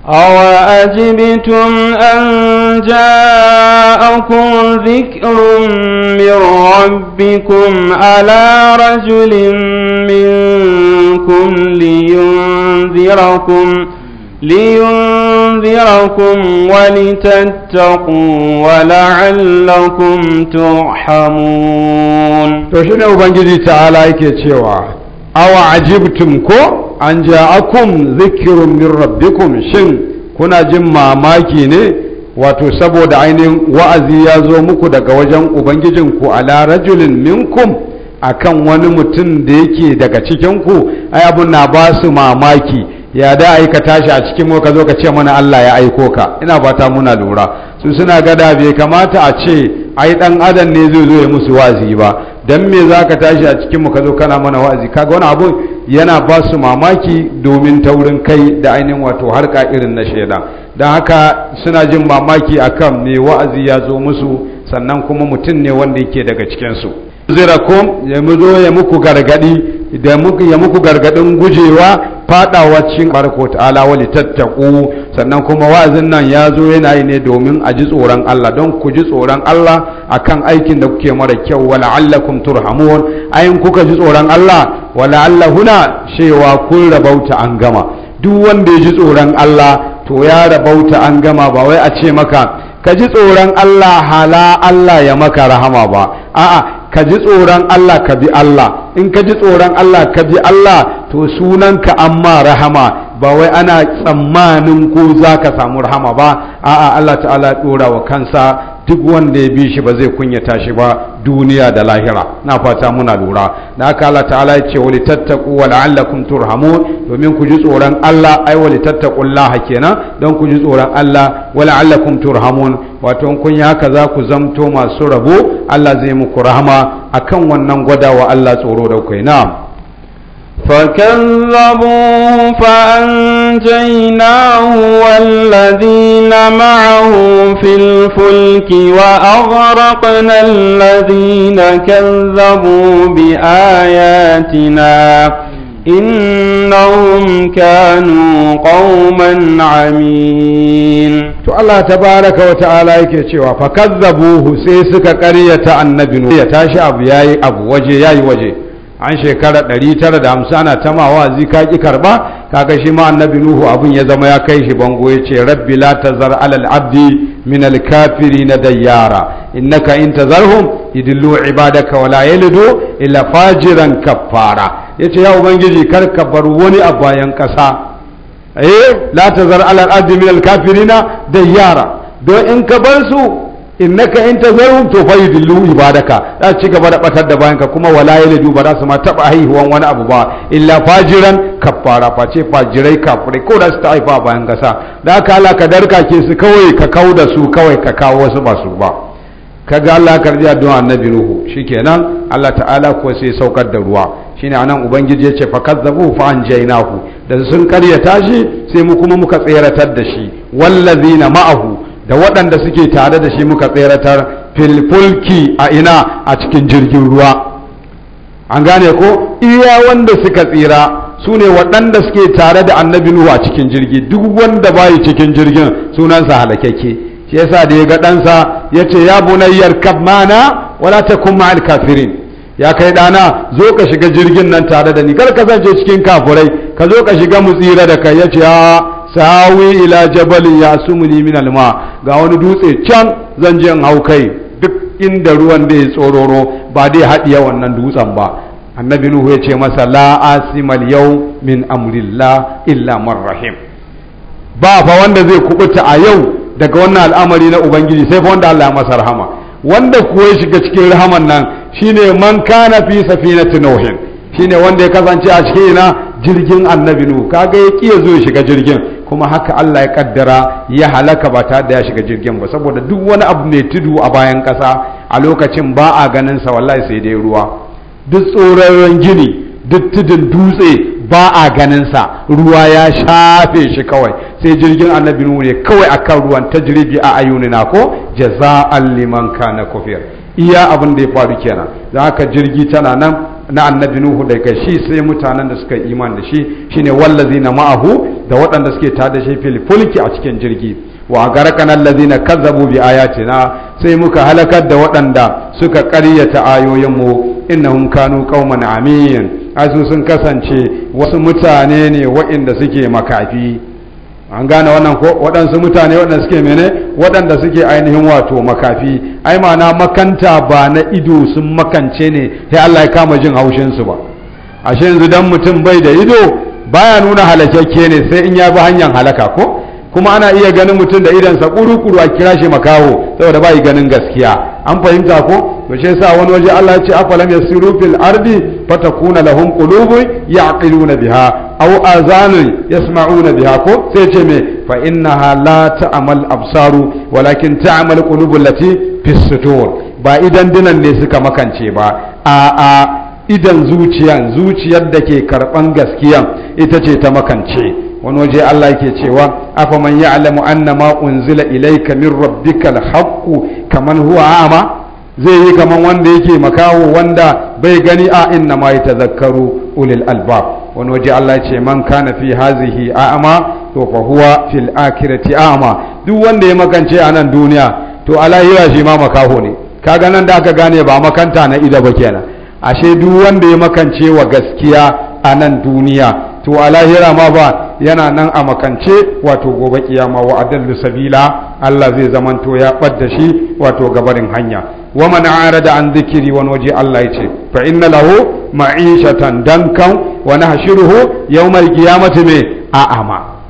awa ajibitum an ja'akum dhikrun min rabbikum ala rajulin minkum liyunzirakum liyunzirakum لأنذركم ولتتقوا ولعلكم ne تشنا ta'ala تعالى cewa, أو عجبتم ko, an ja'akum zikirun min rabbikum shin kuna jin mamaki ne wato saboda ainihin wa'azi ya zo muku daga wajen ubangijinku ala rajulin minkum akan wani mutum da yake daga cikinku ai abu na ba su mamaki ya da ai ka tashi a cikin mu ka zo ka ce mana Allah ya aiko ka ina fata muna lura su suna gada bai kamata a ce ai dan adam ne zai zo ya musu wazi ba dan me zaka tashi a cikin mu ka zo kana mana wazi kaga wani abu yana ba su mamaki domin taurin kai da ainihin wato harka irin na shaida dan haka suna jin mamaki akan me wa'azi ya zo musu sannan kuma mutum ne wanda yake daga cikin cikinsu zirakum ya zo ya muku gargadi da ya muku gargadin gujewa Faɗawa cikin barko ta'ala wali tattaku sannan kuma wa'azin nan ya zo yana yi ne domin a ji tsoron Allah don ku ji tsoron Allah a kan aikin da kuke mara kyau wa la'allakum turhamun ayin kuka ji tsoron Allah wa la'allahuna cewa kun rabauta an gama duk wanda ya ji tsoron Allah to ya rabauta an gama ba wai a ce maka ka ji tsoron Allah hala Allah ya maka rahama ba a'a ka ji tsoron Allah ka bi Allah in ka ji tsoron Allah ka bi Allah to sunanka amma rahama ba wai ana tsammanin ko za ka samu rahama ba a'a Allah ta'ala ɗora wa kansa duk wanda ya bi shi ba zai kunyata shi ba duniya da lahira na fata muna lura na haka Allah ta'ala ya ce wali tattaku wa la'allakum turhamun domin ku ji tsoron Allah ai wali laha kenan don ku ji tsoron Allah wa la'allakum turhamun wato in kun yi haka za ku zamto masu rabo Allah zai muku rahama akan wannan gwada wa Allah tsoro da kai na'am فكذبوه فأنجيناه والذين معه في الفلك وأغرقنا الذين كذبوا بآياتنا إنهم كانوا قوما عمين to Allah tabaraka wa ta'ala yake cewa fakazzabuhu sai suka ƙaryata annabi ya tashi abu yayi yayi waje an shekara 950 ana ta ma wazi ka ki karba kaga shi ma annabi nuhu abun ya zama ya kai shi bango ya ce rabbi la tazar alal abdi min al kafirin dayyara innaka in tazarhum yidillu ibadaka wala yalidu illa fajiran kaffara yace ya ubangiji kar ka bar wani a bayan kasa eh la tazar alal abdi min al kafirin dayyara don in ka bar su innaka in tazarhum to fa yudillu ibadaka za ci gaba da batar da bayanka kuma wala yalidu ba za su ma taba haihuwan wani abu ba illa fajiran fa ce fajirai kafirai ko da su ta haifa bayan gasa da ka Allah ka darka ke su kawai ka kau da su kawai ka kawo wasu ba su ba kaga Allah karbi addu'a annabi Nuhu shikenan Allah ta'ala ko sai saukar da ruwa shine anan ubangiji yace fa kazzabu fa anjaynahu da sun karyata shi sai mu kuma muka tseratar da shi wallazina ma'ahu da waɗanda suke tare da shi muka tseratar filfulki a ina a cikin jirgin ruwa an gane ko iya wanda suka tsira su ne waɗanda suke tare da annabi nuhu a cikin jirgi duk wanda bayi cikin jirgin sunansa halakakke shi yasa da ya ga ɗansa ya ce ya bunayyar mana wala ta kuma alkafirin ya kai ɗana zo ka shiga jirgin nan tare da ni kar ka zance cikin kafurai ka zo ka shiga mu tsira da kai ya ce sawi ila jabalin ya sumuni min alma ga wani dutse can zan je in hau kai duk inda ruwan da ya tsororo ba dai haɗiya wannan dutsen ba annabi nuhu ya ce masa la asimal yau min amrillah illa man rahim ba fa wanda zai kubuta a yau daga wannan al'amari na ubangiji sai fa wanda Allah ya masa rahama wanda kuwa ya shiga cikin rahaman nan shine man kana fi safinati nuhin shine wanda ya kasance a cikin ina jirgin annabi nuhu kaga ya kiyazo ya shiga jirgin kuma haka Allah ya kaddara ya halaka ba ta da ya shiga jirgin ba saboda duk wani abu mai tudu a bayan kasa a lokacin ba a ganin sa wallahi sai dai ruwa duk tsoron gini duk tudun dutse ba a ganin sa ruwa ya shafe shi kawai sai jirgin annabi nuhu ne kawai akan ruwan tajribi a ayunina ko jaza'an liman kana kufir iya abin da ya faru kenan da haka jirgi tana nan na annabi nuhu daga shi sai mutanen da suka yi iman da shi shine wallazi na ma'ahu da waɗanda suke tada shi filfulki fulki a cikin jirgi wa garqana allazina kazzabu bi ayatina sai muka halakar da waɗanda suka ƙaryata ayoyinmu innahum kanu qauman amin asu sun kasance wasu mutane ne waɗanda suke makafi an gane wannan ko waɗansu mutane waɗanda suke mene waɗanda suke ainihin wato makafi ai ma'ana makanta ba na ido sun makance ne sai Allah ya kama jin haushinsu ba ashe yanzu dan mutum bai da ido baya nuna halakakke ne sai in ya bi hanyar halaka ko kuma ana iya ganin mutum da idansa kuru-kuru a kira shi makaho saboda bai ganin gaskiya an fahimta ko to shi yasa wani waje Allah ya ce afalam yasiru fil ardi fatakuna lahum qulubun ya'qiluna biha aw azanun yasma'una biha ko sai ce me fa innaha la ta'mal absaru walakin ta'mal qulubul lati fis sudur ba idan dinan ne suka makance ba a'a. idan zuciyan zuciyar da ke karban gaskiya ita ce ta makance wani waje Allah yake cewa afa man ya'lamu anna ma unzila ilayka min rabbikal haqqu kaman huwa ama zai yi kaman wanda yake makawo wanda bai gani a inna ma yatazakkaru ulil albab wani waje Allah ce man kana fi hazihi a'ma to fa huwa fil akhirati a'ma duk wanda ya makance a nan duniya to a lahira shi ma makaho ne kaga nan da aka gane ba makanta na ido ba kenan ashe duk wanda ya makance wa gaskiya a nan duniya to a lahira ma ba yana nan a makance wato gobe kiyama wa adallu sabila Allah zai zamanto ya ɓadda shi wato gabarin hanya wa man arada an zikiri wani waje Allah yace ce fa inna lahu ma'ishatan dankan wa nahshuruhu yawmal qiyamati me a'ama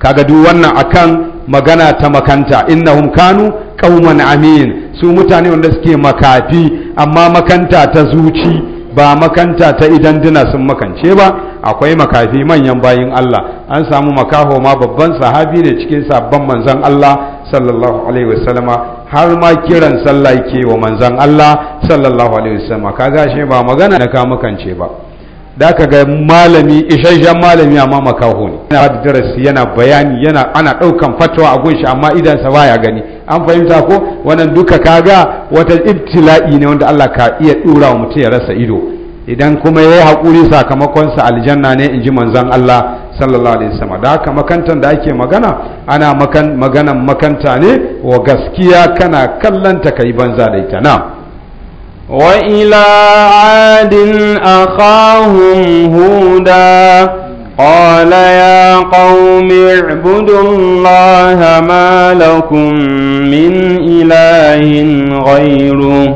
kaga duk wannan akan magana ta makanta innahum kanu qauman amin su mutane wanda suke makafi amma makanta ta zuci ba makanta ta idan dina sun makance ba akwai makafi manyan bayin Allah an samu makaho ma babban sahabi da cikin sabban manzan Allah sallallahu alaihi wasallama har ma kiran sallah yake wa manzan Allah sallallahu alaihi wasallam kaga shi ba magana na makance ba da ka ga malami isasshen malami amma makaho yana da darasi yana bayani yana ana ɗaukan fatawa a gunshi amma idansa baya gani an fahimta ko wannan duka kaga wata ibtila'i ne wanda Allah ka iya dura wa mutum ya rasa ido idan kuma ya yi haƙuri sa aljanna ne in ji manzon Allah sallallahu alaihi wasallam da haka makantan da ake magana ana makan maganan makanta ne wa gaskiya kana kallon ta kai banza da ita na ila adin أخاهم huda قال يا قوم اعبدوا الله ما لكم من إله غيره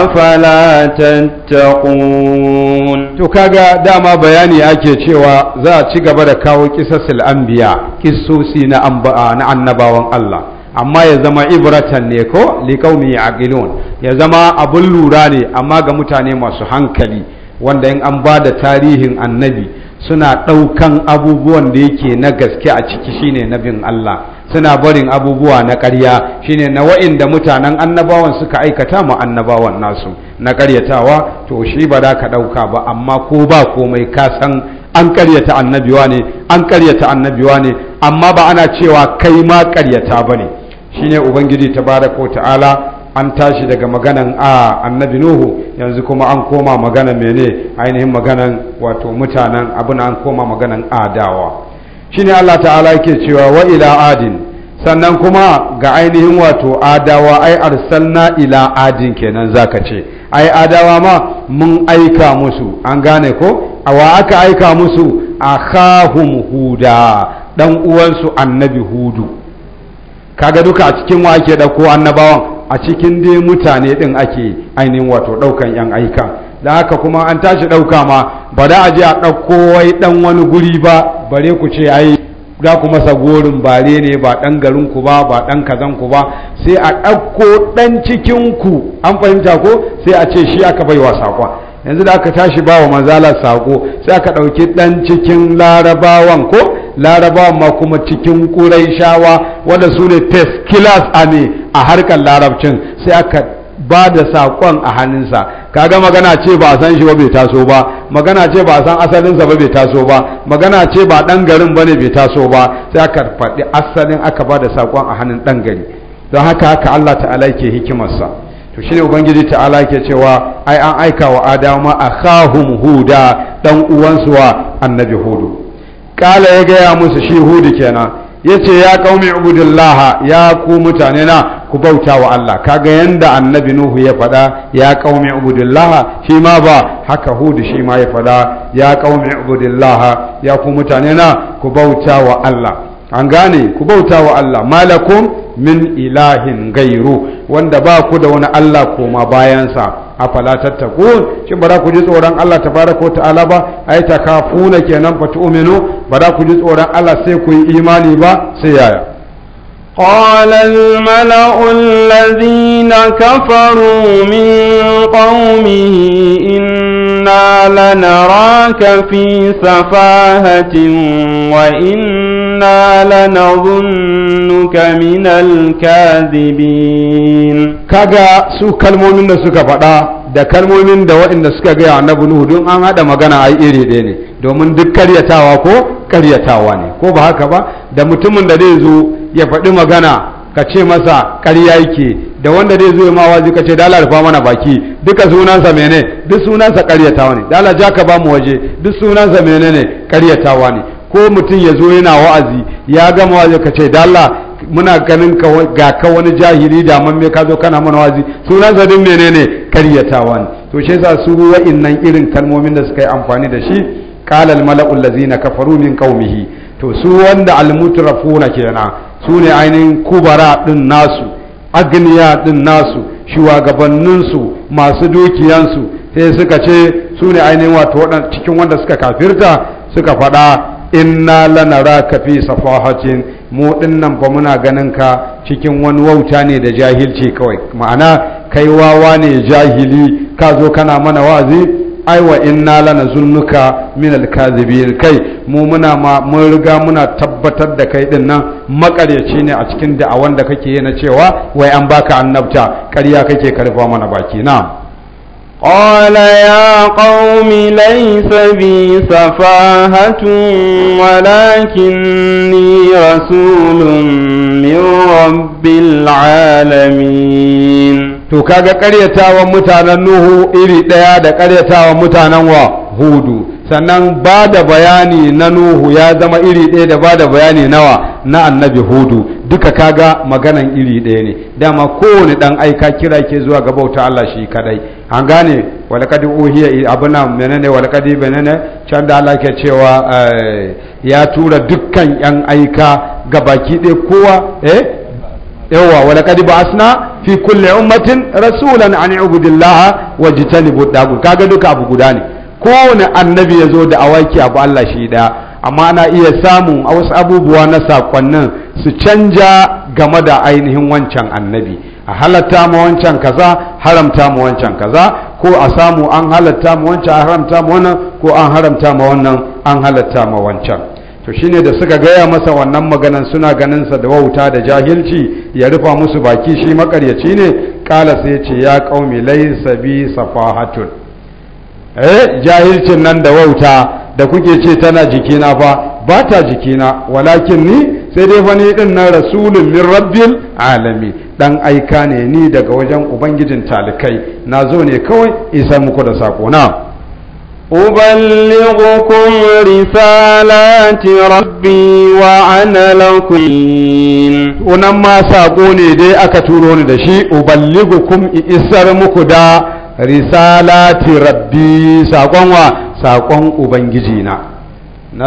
أفلا تتقون to kaga dama bayani ake cewa za a ci gaba da kawo kisasul anbiya kisosi na na annabawan Allah amma ya zama ibratan ne ko liqaumi yaqilun ya zama abun lura ne amma ga mutane masu hankali wanda in an ba da tarihin annabi suna ɗaukan abubuwan da yake na gaske a ciki shine na bin Allah suna barin abubuwa na ƙarya shine na wa'inda mutanen annabawan suka aikata ma annabawan nasu na ƙaryatawa to shi ba za ka ɗauka ba amma ko ba komai ka san an ƙaryata annabiwa ne an ƙaryata annabiwa ne amma ba ana cewa kai ma ƙaryata ba ne shine ubangiji tabaraka ta'ala an tashi daga maganan a annabi nuhu yanzu kuma an koma magana mene ainihin maganan wato mutanen abin an koma maganan adawa shine Allah ta'ala yake cewa wa ila adin sannan kuma ga ainihin wato adawa ai arsalna ila adin kenan zaka ce ai adawa ma mun aika musu an gane ko wa aka aika musu a akhahum huda dan uwansu annabi hudu kaga duka a cikin wa ake dauko annabawan a cikin dai mutane din ake ainihin wato ɗaukan 'yan aika da haka kuma an tashi ɗauka ma ba da a a ɗauko wai ɗan wani guri ba bare ku ce ai da ku masa gorin bare ne ba ɗan garinku ba ba ɗan kazanku ba sai a ɗauko ɗan cikinku an fahimta ko sai a ce shi aka bai wa sakwa yanzu da aka tashi ba wa manzalar sako sai aka ɗauki ɗan cikin larabawan ko larabawan ma kuma cikin shawa wanda su ne test killers a ne a harkar larabcin sai aka ba da saƙon a hannunsa kaga magana ce ba a san shi ba bai taso ba magana ce ba a san asalinsa ba bai taso ba magana ce ba ɗan garin ba ne bai taso ba sai aka faɗi asalin aka ba da saƙon a hannun ɗan gari don haka haka Allah ta'ala ke hikimarsa to shine ubangiji ta'ala ke cewa ai an aika wa adama a khahum huda dan uwansu wa annabi hudu kala ya gaya musu shi hudu kenan yace ya qaumi ubudillaha ya ku mutane na ku bauta wa Allah kaga yanda annabi nuhu ya fada ya qaumi ubudillaha shi ma ba haka hudu shi ma ya fada ya qaumi ubudillaha ya ku mutane na ku bauta wa Allah an gane ku bauta wa Allah malakum min ilahin gairu wanda ba ku da wani Allah koma bayansa afala tattaqun shin ba za ku ji tsoron Allah tabaraka wa ta'ala ba ai takafuna kenan fa tu'minu ba za ku ji tsoron Allah sai ku yi imani ba sai yaya قال الملأ الذين كفروا من قومه إن إنا لنراك في سفاهة وإنا لنظنك من الكاذبين كاغا سو كلمومين دا سوكا فدا da kalmomin da waɗanda suka gaya na Nuhu don an haɗa magana ai iri ɗaya ne domin duk karyatawa ko karyatawa ne ko ba haka ba da mutumin da zai zo ya faɗi magana ka ce masa karya yake da wanda zai zo ma waje kace da dala rufa mana baki duka sunansa mene duk sunansa ƙaryatawa ne dala ja ka ba mu waje duk sunansa mene ne karyatawa ne ko mutum ya zo yana wa'azi ya gama waje kace da dala muna ganin ga ka wani jahili da me ka zo kana mana wazi sunansa duk mene ne karyatawa ne to shi yasa su wa'innan irin kalmomin da suka yi amfani da shi qala al mala'u allazina kafaru min qaumihi to su wanda al mutrafuna kenan su ne ainihin kubara din nasu agniya din nasu shugabanninsu masu dukiyansu sai suka ce su ne ainihin wato cikin wanda suka kafirta suka faɗa inna lanara ka fi safahacin mu dinnan ba muna ganin ka cikin wani wauta ne da jahilci kawai ma'ana kai wawa ne jahili ka zo kana mana wa'azi Aiwa wa inna lana zunnuka min alkazibin kai mu muna ma mun riga muna tabbatar da kai din nan makaryaci ne a cikin da wanda kake yi na cewa wai an baka annabta ƙarya kake karfa mana baki na قال يا قوم ليس بي سفاهة ولكني رسول من رب العالمين to kaga ƙaryatawan mutanen nuhu iri ɗaya da ƙaryatawan mutanen wa hudu sannan ba da bayani na nuhu ya zama iri ɗaya da ba da bayani nawa na annabi hudu duka kaga maganan iri ɗaya ne dama kowane dan aika kira ke zuwa ga bauta Allah shi kadai an gane walakadi uhiya abuna menene walakadi menene can da Allah ke cewa eh, ya tura dukkan yan aika ga baki ɗaya kowa eh yawa walakadi ba asna fi kulle ummatin rasulan an ibudillaha wajtanibu dagu kaga duka abu guda ne kowane annabi ya zo da awaki abu Allah shi da amma ana iya samun a wasu abubuwa na sakonnin su canja game da ainihin wancan annabi a halatta ma wancan kaza haramta ma wancan kaza ko a samu an halatta ma wancan haramta ma wannan ko an haramta ma wannan an halatta ma wancan to shine da suka gaya masa wannan maganan suna ganinsa da wauta da jahilci ya rufa musu baki shi makaryaci ne kala sai ce ya qaumi laysa bi safahatun eh jahilcin nan da wauta da kuke ce tana jikina fa ba ta jikina walakin ni sai dai fa ni din rasulun min rabbil alami dan aika ne ni daga wajen ubangijin talikai na zo ne kawai isa muku da sako na أبلغكم رسالات ربي وأنا لكم ونما ساقوني دي أكتوروني شيء أبلغكم إسر مكدا رسالات ربي ساقون و ساقون أبنجينا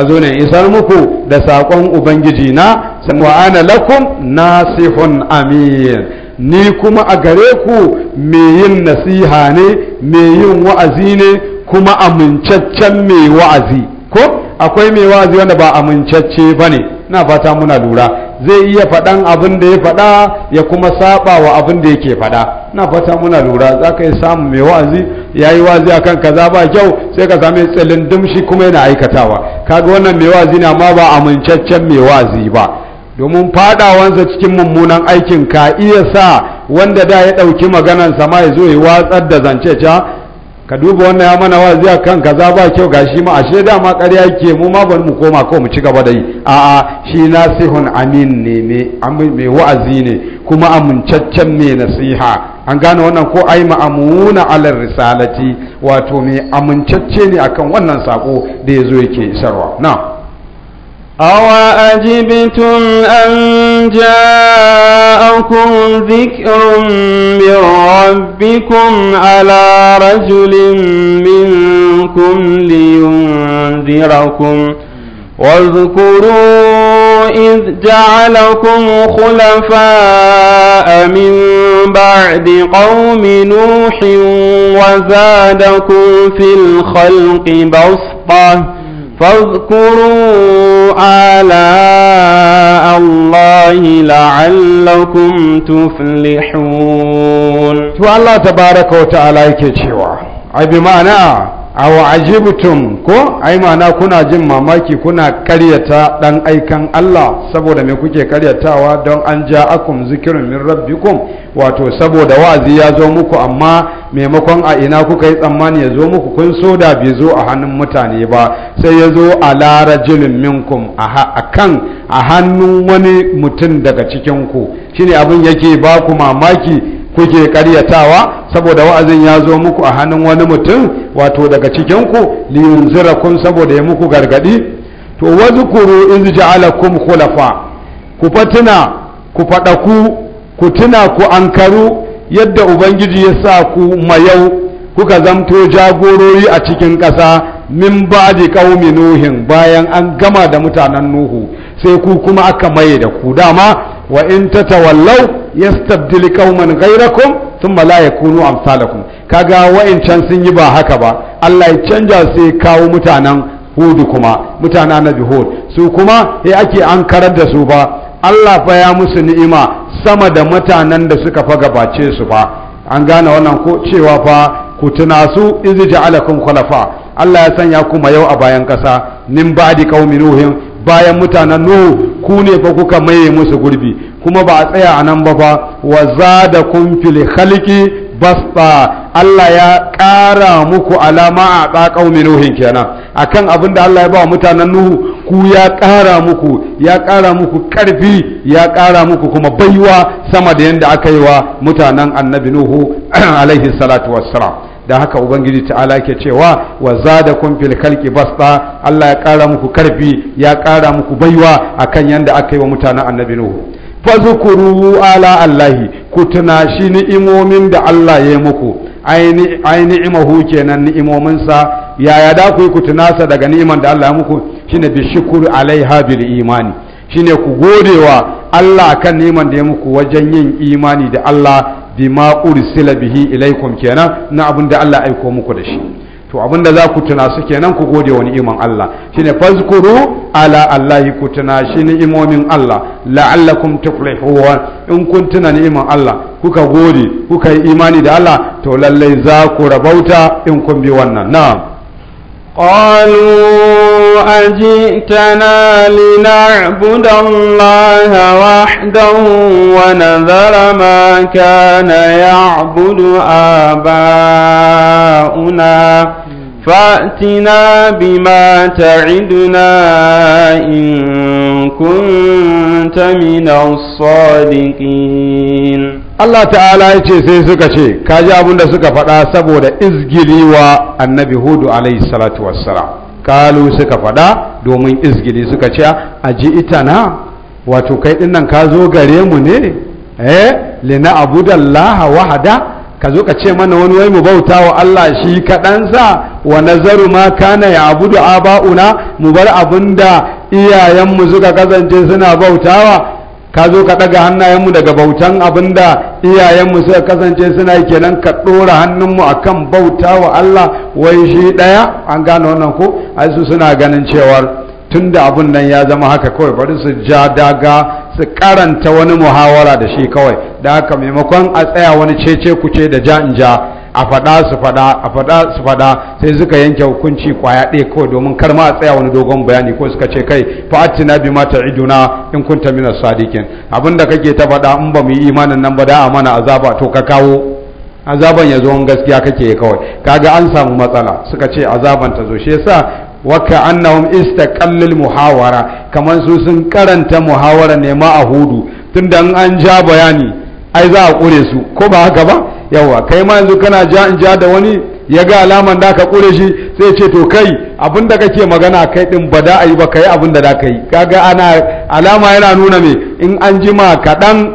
zo إسر مكو دا ساقون أبنجينا Ubangijina, لكم ana أمين ni kuma a gare ku me yin nasiha ne, me yin wa'azi ne, kuma amincaccen mai wa'azi ko akwai mai wa'azi wanda ba amincacce ba ne na fata muna lura zai iya faɗan abin da ya faɗa ya kuma saba wa abin da yake faɗa na fata muna lura za ka iya samun mai wa'azi ya yi wa'azi a kan kaza ba kyau sai ka same tsalin dumshi kuma yana aikatawa kaga wannan mai wa'azi na ma ba amincaccen mai wa'azi ba domin faɗawansa cikin mummunan aikin ka iya sa wanda da ya ɗauki maganansa ma ya zo ya watsar da zance ca ka duba wannan ya mana wazi a kan kaza ba kyau ga shi ma ashe dama ƙarya yake mu ma bari mu koma ko mu ci gaba da yi a'a shi nasihun amin ne mai wa'azi ne kuma amincaccen mai nasiha an gane wannan ko ai ma'amuna alar risalati wato mai amincacce ne akan wannan sako da yazo yake sarwa, na awa ajibtum an jaa لكم ذكر من ربكم على رجل منكم لينذركم واذكروا إذ جعلكم خلفاء من بعد قوم نوح وزادكم في الخلق بسطة فاذكروا آلاء الله لعلكم تفلحون تو الله تبارك وتعالى يكي cewa ai bi ma'ana awa ajibutum ko ai ma'ana kuna jin mamaki kuna karyata dan aikan Allah saboda me kuke karyatawa don an ja'akum zikirun min rabbikum wato saboda wa'azi ya zo muku amma maimakon a ina kuka yi tsammani ya zo muku kun so da bai zo a hannun mutane ba sai ya zo a lara minkum a kan a hannun wani mutum daga cikin ku shine abin yake baku mamaki kuke karyatawa saboda wa'azin ya zo muku a hannun wani mutum wato daga cikinku liyunzirakum saboda ya muku gargadi to wazkuru iz ja'alakum khulafa ku fatina ku fadaku ku tuna ku ankaru yadda ubangiji ya sa ku mayau kuka zamto jagorori a cikin ƙasa min ba'di qaumi nuhin bayan an gama da mutanen nuhu sai ku kuma aka maye da ku dama wa in tawallau. yastabdil qauman ghayrakum thumma la yakunu amsalakum kaga wa'incan sun yi ba haka ba Allah ya canja sai kawo mutanen hudu kuma mutanen na hud su kuma ya ake an karar da su ba Allah fa ya musu ni'ima sama da mutanen da suka fa gabace su fa an gane wannan ko cewa fa ku tuna su izi ja'alakum khulafa Allah ya sanya kuma yau a bayan kasa min ba'di qaumi nuhin bayan mutanen nuhu ku ne fa kuka maye musu gurbi kuma ba a tsaya a nan ba fa wa zada da fil khalqi basta Allah ya ƙara muku alama a tsakau nuhin kenan akan abin da Allah ya ba mutanen nuhu ku ya ƙara muku ya ƙara muku ƙarfi ya ƙara muku kuma baiwa sama da yadda aka yi wa mutanen annabi nuhu alaihi salatu wassalam da haka ubangiji ta'ala ke cewa wa kun fil khalqi basta Allah ya kara muku karfi ya kara muku baiwa akan yadda aka yi wa mutanen annabi nuhu fazkuru ala allahi ku tunashi ni'imomin da Allah ya yi muku aini aini imahu kenan ni'imomin sa yaya da ku yi ku tunasa daga ni'iman da Allah ya muku shine bi shukuru alaiha bil imani shine ku godewa Allah kan ni'iman da ya muku wajen yin imani da Allah bima ursila bihi ilaikum kenan na abin da Allah aiko muku da shi to abin da za ku tuna su kenan ku gode wani iman Allah shine fazkuru ala Allah ku tuna shi ni'imomin Allah la'allakum tuflihun in kun tuna ni'iman Allah kuka gode kuka yi imani da Allah to lallai za ku rabauta in kun bi wannan na'am قالوا أجئتنا لنعبد الله وحده ونذر ما كان يعبد آباؤنا فأتنا بما تعدنا إن كنت من الصادقين Allah ta'ala ya ce sai suka ce ka ji abin da suka faɗa saboda izgili annabi hudu alaihi salatu wassalam kalu suka faɗa domin izgili suka ce a ji ita na? wato kai ɗin nan ka zo gare mu ne eh lina Laha wahada ka zo ka ce mana wani wai mu bauta wa Allah shi kaɗansa wa nazaru ma kana ya abudu aba'una mu bar abin da iyayenmu suka kasance suna bautawa ka zo ka ɗaga hannayenmu daga bautan abin da iyayenmu suka kasance suna kenan ka ɗora hannunmu a kan bauta wa Allah wai shi ɗaya an gane wannan ko a su suna ganin cewar tun da abin nan ya zama haka kawai bari su ja daga su karanta wani muhawara da shi kawai da haka maimakon a tsaya wani cece kuce da ja in ja a faɗa su faɗa a faɗa su faɗa sai suka yanke hukunci kwaya ɗaya kawai domin kar ma a tsaya wani dogon bayani ko suka ce kai fa'atina mata iduna in kunta min as abinda kake ta faɗa in ba mu yi imanin nan ba da amana azaba to ka kawo azaban ya zo gaskiya kake kawai kaga an samu matsala suka ce azaban ta zo shi yasa waka annahum istaqallul muhawara kamar su sun karanta muhawara ne ma a hudu tunda an ja bayani ai za a kure su ko ba haka ba yawa kai ma yanzu kana ja in ja da wani ya ga alaman da ka kure shi sai ce to kai abin da kake magana kai din ba da a yi ba kai abin da da ka yi kaga ana alama yana nuna me in an jima kaɗan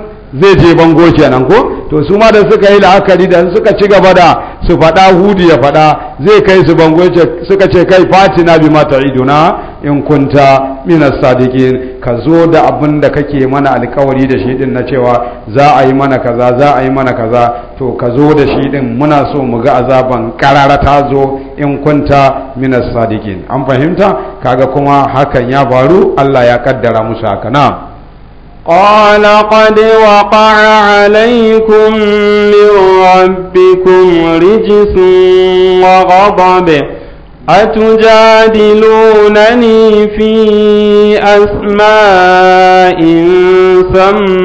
zai je bango kenan ko to su ma da suka yi la'akari da suka ci gaba da su faɗa hudu ya faɗa zai kai su bango suka ce kai fati na bi mata iduna in kunta minas sadiqin ka zo da abin da kake mana alkawari da shi din na cewa za a yi mana kaza za a yi mana kaza to ka zo da shi din muna so mu ga azaban karara ta zo in kunta minas sadiqin an fahimta kaga kuma hakan ya faru Allah ya kaddara musu haka na'am قال قد وقع عليكم من ربكم رجس وغضب أتجادلونني في أسماء سميتموها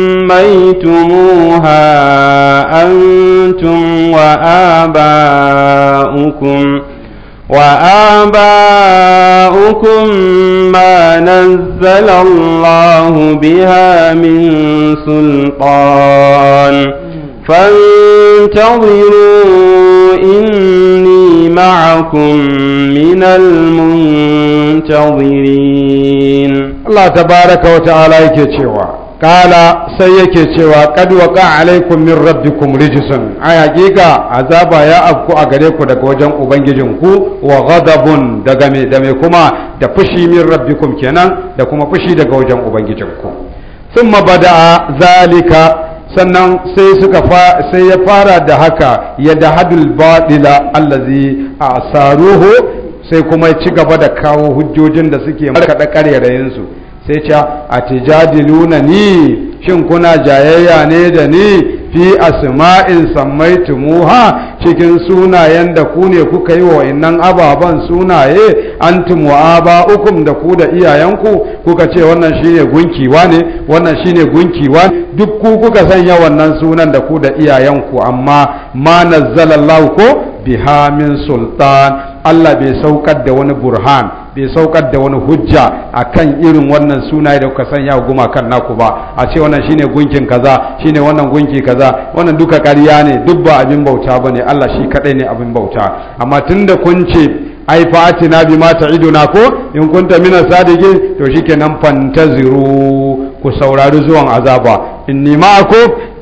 أنتم وآباؤكم وآباؤكم ما نزل الله بها من سلطان فانتظروا إني معكم من المنتظرين الله تبارك وتعالى يكتشوا قال sai yake cewa kad waqa alaikum min rabbikum rijsun a hakika azaba ya afku a gare ku daga wajen ubangijin ku wa ghadabun daga me da me kuma da fushi min rabbikum kenan da kuma fushi daga wajen ubangijin ku thumma bada'a zalika sannan sai suka sai ya fara da haka ya da hadul badila allazi asaruhu sai kuma ya ci gaba da kawo hujjojin da suke markaɗa ƙarerayensu sai ce a tijadiluna ni shin kuna jayayya ne da ni fi asma'in sammaitumuha cikin sunayen da ku ne kuka yi wa innan ababen sunaye antum wa aba'ukum da ku da iyayenku kuka ce wannan shine gunkiwa ne wannan shine gunkiwa duk ku kuka sanya wannan sunan da ku da iyayenku amma ma nazzalallahu ko Bihamin sultan Allah bai saukar da wani burhan bai saukar da wani hujja akan irin wannan sunaye da kuka sanya guma kan naku ba a ce wannan shine gunkin kaza shine wannan gunki kaza wannan duka ƙarya ne duk ba abin bauta bane Allah shi kadai ne abin bauta amma tunda kun ce ai fatina bi ma ta'iduna ko in kunta mina sadiqi to shikenan fantaziru ku saurari zuwan azaba inni ma'akum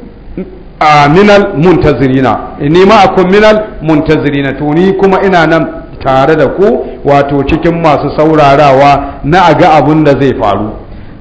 a minal muntazirina eh, ni ma akwai minal muntazirina to ni kuma ina nan tare da ku wato cikin masu saurarawa na a ga abin da zai faru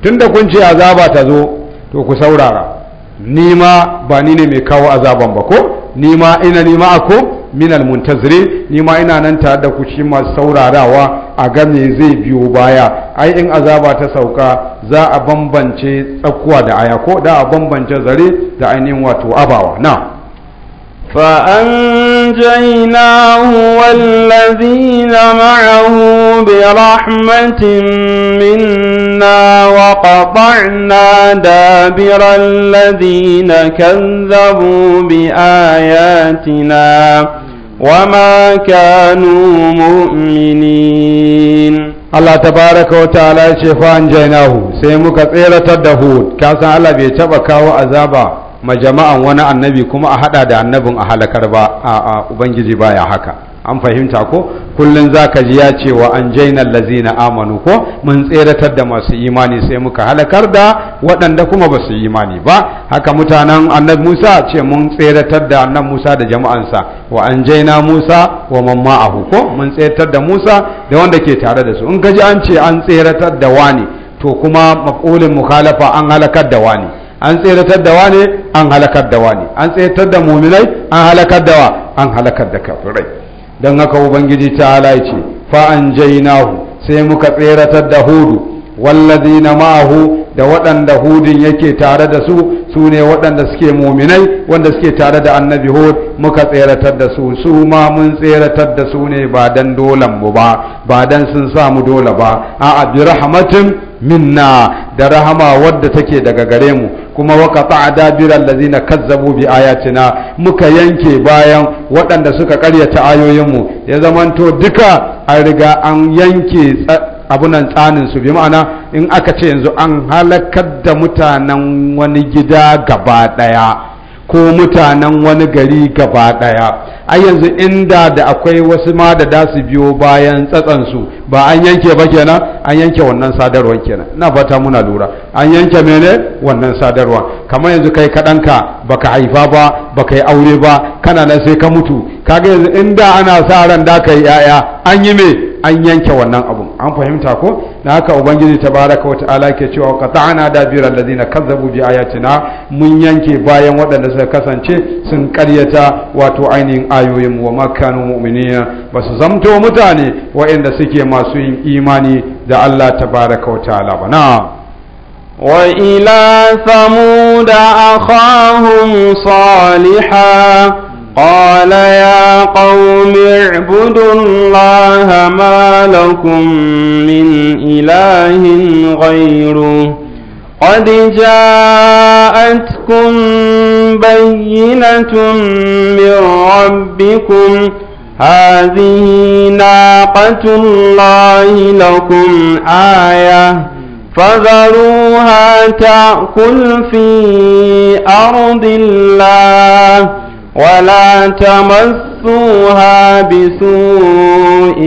tun da kun ce azaba ta zo to ku saurara ni ma ba ni ne mai kawo azaban ba ko ni ma ina ni ma akun minal muntazirin ni ma ina nan tare da ku cikin masu saurarawa a me zai biyo baya ai in azaba ta sauka za a bambance tsakuwa da aya ko da a bambance zare da ainihin wato abawa na فأنجيناه والذين معه برحمة منا وقطعنا دابر الذين كذبوا بآياتنا وما كانوا مؤمنين Allah ta baraka wa ta'ala ya ce fa'an jainahu sai muka tseratar da hu, kasan san Allah bai taɓa kawo azaba ma jama'an wani annabi kuma a haɗa da annabin a halakar ba a ubangiji baya haka an fahimta ko kullum za ka ji ya ce wa an jainar lazina amanu ko mun tseratar da masu imani sai muka halakar da waɗanda kuma ba su imani ba haka mutanen annab musa ce mun tseratar da annab musa da jama'ansa wa an jaina musa wa mamma ahu ko mun tseratar da musa da wanda ke tare da su in ka ji an ce an tseratar da wani to kuma maƙulin mukhalafa an halakar da wani an tseratar da wani an halakar da wani an tseratar da muminai an halakar da wa an halakar da kafirai don haka ubangiji ta ce fa'an jainahu sai muka tseratar da hudu na mahu da waɗanda hudun yake tare da su su ne waɗanda suke muminai wanda suke tare da annabi hud muka tseratar da su su ma mun tseratar da su ne ba dan dolan mu ba ba dan sun samu dole ba a'a bi rahmatin minna da rahama wadda take daga gare mu kuma waka ta adabira kazzabu bi ayatina muka yanke bayan waɗanda suka karyata ayoyinmu ya zamanto duka an riga an yanke abunan tsanin su bi ma'ana in aka ce yanzu an halakar da mutanen wani gida gaba ɗaya ko mutanen wani gari gaba ɗaya a yanzu inda da akwai wasu ma da da su biyo bayan tsatsansu ba an yanke ba kenan an yanke wannan sadarwar kenan na fata muna lura an yanke mene wannan sadarwa kamar yanzu kai kaɗanka baka haifa ba baka yi aure ba kana nan sai ka mutu kaga yanzu inda ana sa ran da ka yi 'ya'ya an yi me an yanke wannan abun an fahimta ko na haka ubangiji baraka wa ta'ala ke cewa qata'na dabira allazina kazzabu bi ayatina mun yanke bayan waɗanda suka kasance sun karyata wato ainihin ayoyin wa makanu mu'minina basu zamto mutane waɗanda suke masu yin imani da Allah ta baraka wa ta'ala ba na'am وإلى da أخاهم saliha. قال يا قوم اعبدوا الله ما لكم من إله غيره قد جاءتكم بينة من ربكم هذه ناقة الله لكم آية فذروها تأكل في أرض الله ولا تمسوها بسوء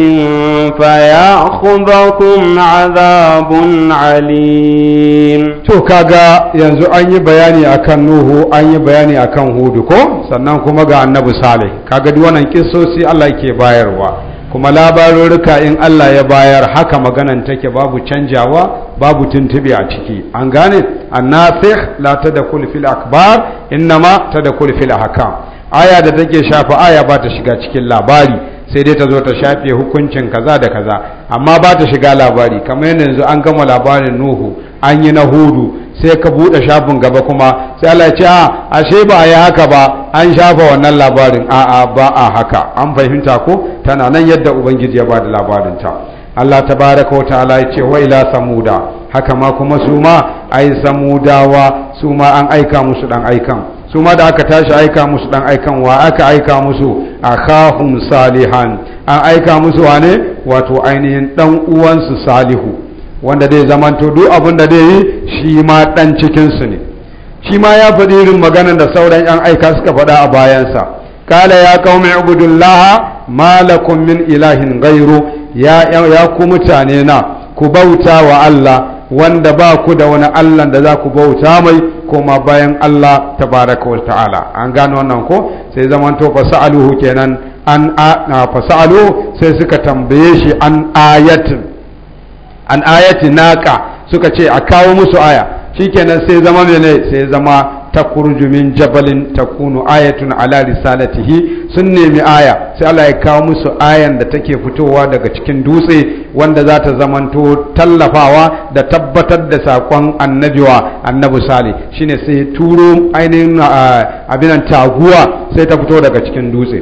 فيأخذكم عذاب عليم to kaga yanzu an yi bayani akan Nuhu an yi bayani akan Hudu ko sannan kuma ga Annabi Saleh kaga duk wannan kissosi Allah yake bayarwa kuma labarurruka in Allah ya bayar haka maganan take babu canjawa babu tuntube a ciki an gane annasikh la tadkhul fil akbar innama tadkhul fil ahkam aya da take shafa aya ba ta shiga cikin labari sai dai ta zo ta shafe hukuncin kaza da kaza amma ba ta shiga labari kamar yanzu an gama labarin nuhu an yi na hudu sai ka buɗe shafin gaba kuma sai Allah ce a ah, ashe ba a yi haka ba an shafa wannan labarin a a ba a haka an fahimta ko tana nan yadda ubangiji ya ba da labarin ta Allah ta wa ta'ala ya ce wa ila samuda haka ma kuma su ma ai samudawa su ma an aika musu dan aikan su ma da aka tashi aika musu dan aikan aka aika musu kahun salihan an aika musu wane wato ainihin dan uwansu salihu wanda dai zamanto duk abin da dai yi shi ma dan cikin ne shi ma ya faɗi irin maganar da sauran yan aika suka faɗa a bayansa kala ya kawo ibudullaha ma lakum min ilahin ghairu ya ya ku mutane na ku bauta wa Allah wanda ba ku da wani Allah da za ku bauta mai koma bayan Allah tabaraka wa ta'ala an gano wannan ko sai zamanto fasa'aluhu kenan an a fasa'aluhu sai suka tambaye shi an ayatin an ayati naka suka ce a kawo musu aya shikenan sai zama ne sai zama takhruju min jabalin takunu ayatun ala risalatihi sun nemi aya sai Allah ya kawo musu ayan da take fitowa daga cikin dutse wanda za ta zamanto tallafawa da tabbatar da sakon annabiwa annabi sali shine sai turo ainihin abinan taguwa sai ta fito daga cikin dutse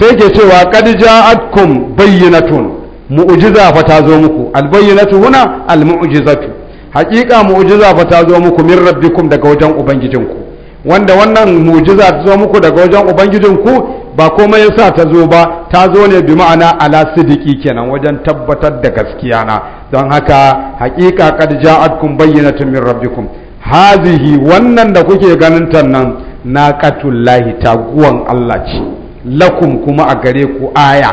sai ke cewa qad ja'atkum bayyinatun mu'jiza fa ta zo muku albayyinatu huna almu'jizatu haƙiƙa mu'jiza fa ta zo muku min rabbikum daga wajen ubangijinku wanda wannan mu'jiza ta zo muku daga wajen ubangijinku ba komai yasa ta zo ba ta zo ne bi ma'ana ala sidiki kenan wajen tabbatar da gaskiya na don haka haƙiƙa kad ja'atkum bayyinatun min rabbikum hazihi wannan da kuke ganin tan nan lahi taguwan Allah ce lakum kuma a gare ku aya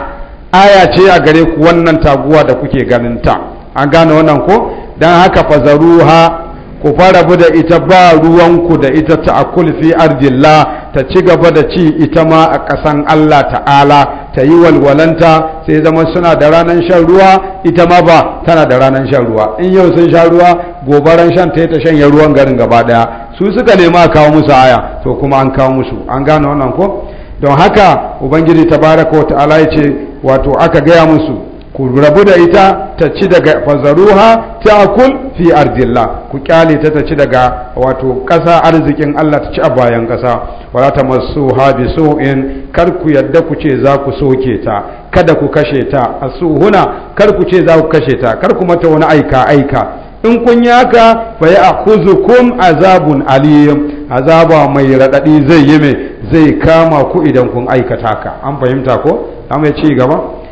aya ce a gare ku wannan taguwa da kuke ganin ta an gane wannan ko don haka fazaruha ku fara farabu da ita ba ruwanku da ita ta akul fi arjilla ta ci gaba da ci ita ma a ƙasan Allah ta'ala ta yi walwalanta sai zama suna da ranar shan ruwa ita ma ba tana da ranar shan ruwa in yau sun sha ruwa gobaran shan ta ta shanye ruwan garin gaba daya su suka nema a kawo musu aya to kuma an kawo musu an gane wannan ko don haka ubangiji tabaraka wa ta'ala ya ce wato aka gaya musu ku rabu da ita ta ci daga fazaruha ta'kul fi ardillah ku kyale ta ta ci daga wato ƙasa arzikin Allah ta ci a bayan ƙasa wala tamassuha bisu'in kar ku yadda ku ce za ku soke ta kada ku kashe ta asuhuna kar ku ce za ku kashe ta kar ku mata wani aika aika in kun yi haka fa ya akhuzukum azabun aliyim azaba mai radadi zai yi mai zai kama ku idan kun aikata ka an fahimta ko amma ya ci gaba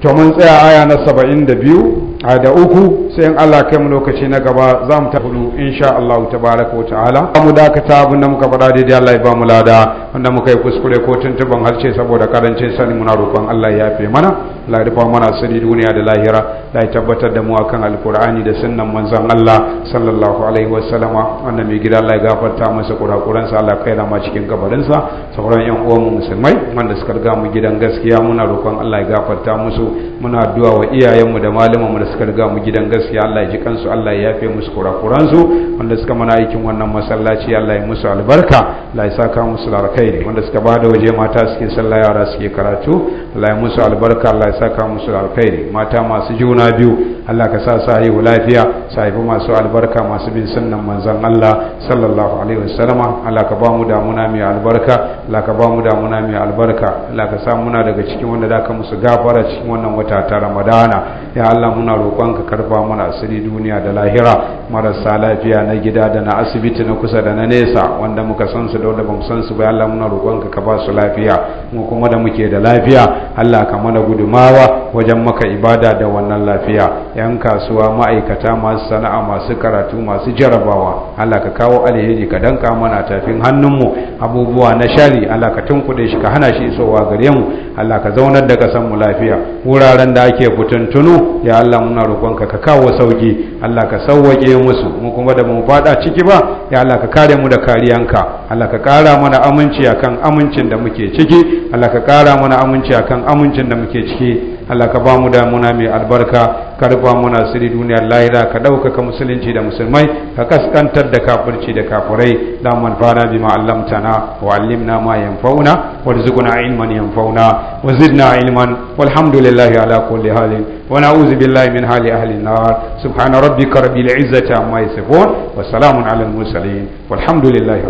to mun tsaya aya na saba'in da biyu da uku sai in Allah kai mu lokaci na gaba za mu ta hudu insha Allah tabaraka wa ta'ala Ba mu dakata abin da muka faɗa daidai Allah ya ba mu lada wanda muka yi kuskure ko tuntuban harshe saboda karancin sani muna roƙon Allah ya yafe mana Allah rufa mana sani duniya da lahira da ya tabbatar da mu akan alkur'ani da sunnan manzon Allah sallallahu alaihi wa sallama wannan mai gida Allah ya gafarta masa kurakuran sa Allah kai da ma cikin kabarin sa sauran yan uwan mu musulmai wanda suka riga mu gidan gaskiya muna roƙon Allah ya gafarta musu muna addu'a wa iyayen mu da malaman mu da suka riga mu gidan gaskiya Allah ya ji kansu Allah ya yafe musu kurakuran su wanda suka mana aikin wannan masallaci Allah ya musu albarka Allah ya saka musu larkai wanda suka bada waje mata suke sallah yara suke karatu Allah ya musu albarka Allah saka musu alkhairi mata masu juna biyu Allah ka sa sahihu haihu lafiya su haifi masu albarka masu bin sunnan manzon Allah sallallahu alaihi wasallama Allah ka ba mu damuna mai albarka Allah ka ba mu damuna mai albarka Allah ka sa muna daga cikin wanda zaka musu gafara cikin wannan wata ta Ramadana ya Allah muna roƙon ka karba mana asiri duniya da lahira marasa lafiya na gida da na asibiti na kusa da na nesa wanda muka san su da wanda bamu san su ba Allah muna roƙon ka ka ba su lafiya mu kuma da muke da lafiya Allah ka mana guduma talakawa wajen maka ibada da wannan lafiya yan kasuwa ma'aikata masu sana'a masu karatu masu jarabawa Allah ka kawo alheri ka danka mana tafin hannunmu abubuwa na shari Allah ka tunkuɗe shi ka hana shi isowa gare mu Allah ka zaunar da kasan mu lafiya wuraren da ake fitintunu ya Allah muna roƙonka ka kawo sauki Allah ka sauwaƙe musu mu kuma da mu faɗa ciki ba ya Allah ka kare mu da kariyanka Allah ka ƙara mana aminci akan amincin da muke ciki Allah ka ƙara mana aminci akan amincin da muke ciki Allah ka ba mu damuna mai albarka ka rufa muna siri duniyar lahira ka ɗaukaka musulunci da musulmai ka kaskantar da kafirci da kafirai da man fara bi ma'allamtana wa allimna ma yanfa'una warzuqna ilman yanfa'una wa zidna ilman walhamdulillahi ala kulli halin wa na'udzu billahi min hali ahli an-nar subhana rabbika rabbil izzati amma yasifun wa salamun ala al-mursalin walhamdulillahi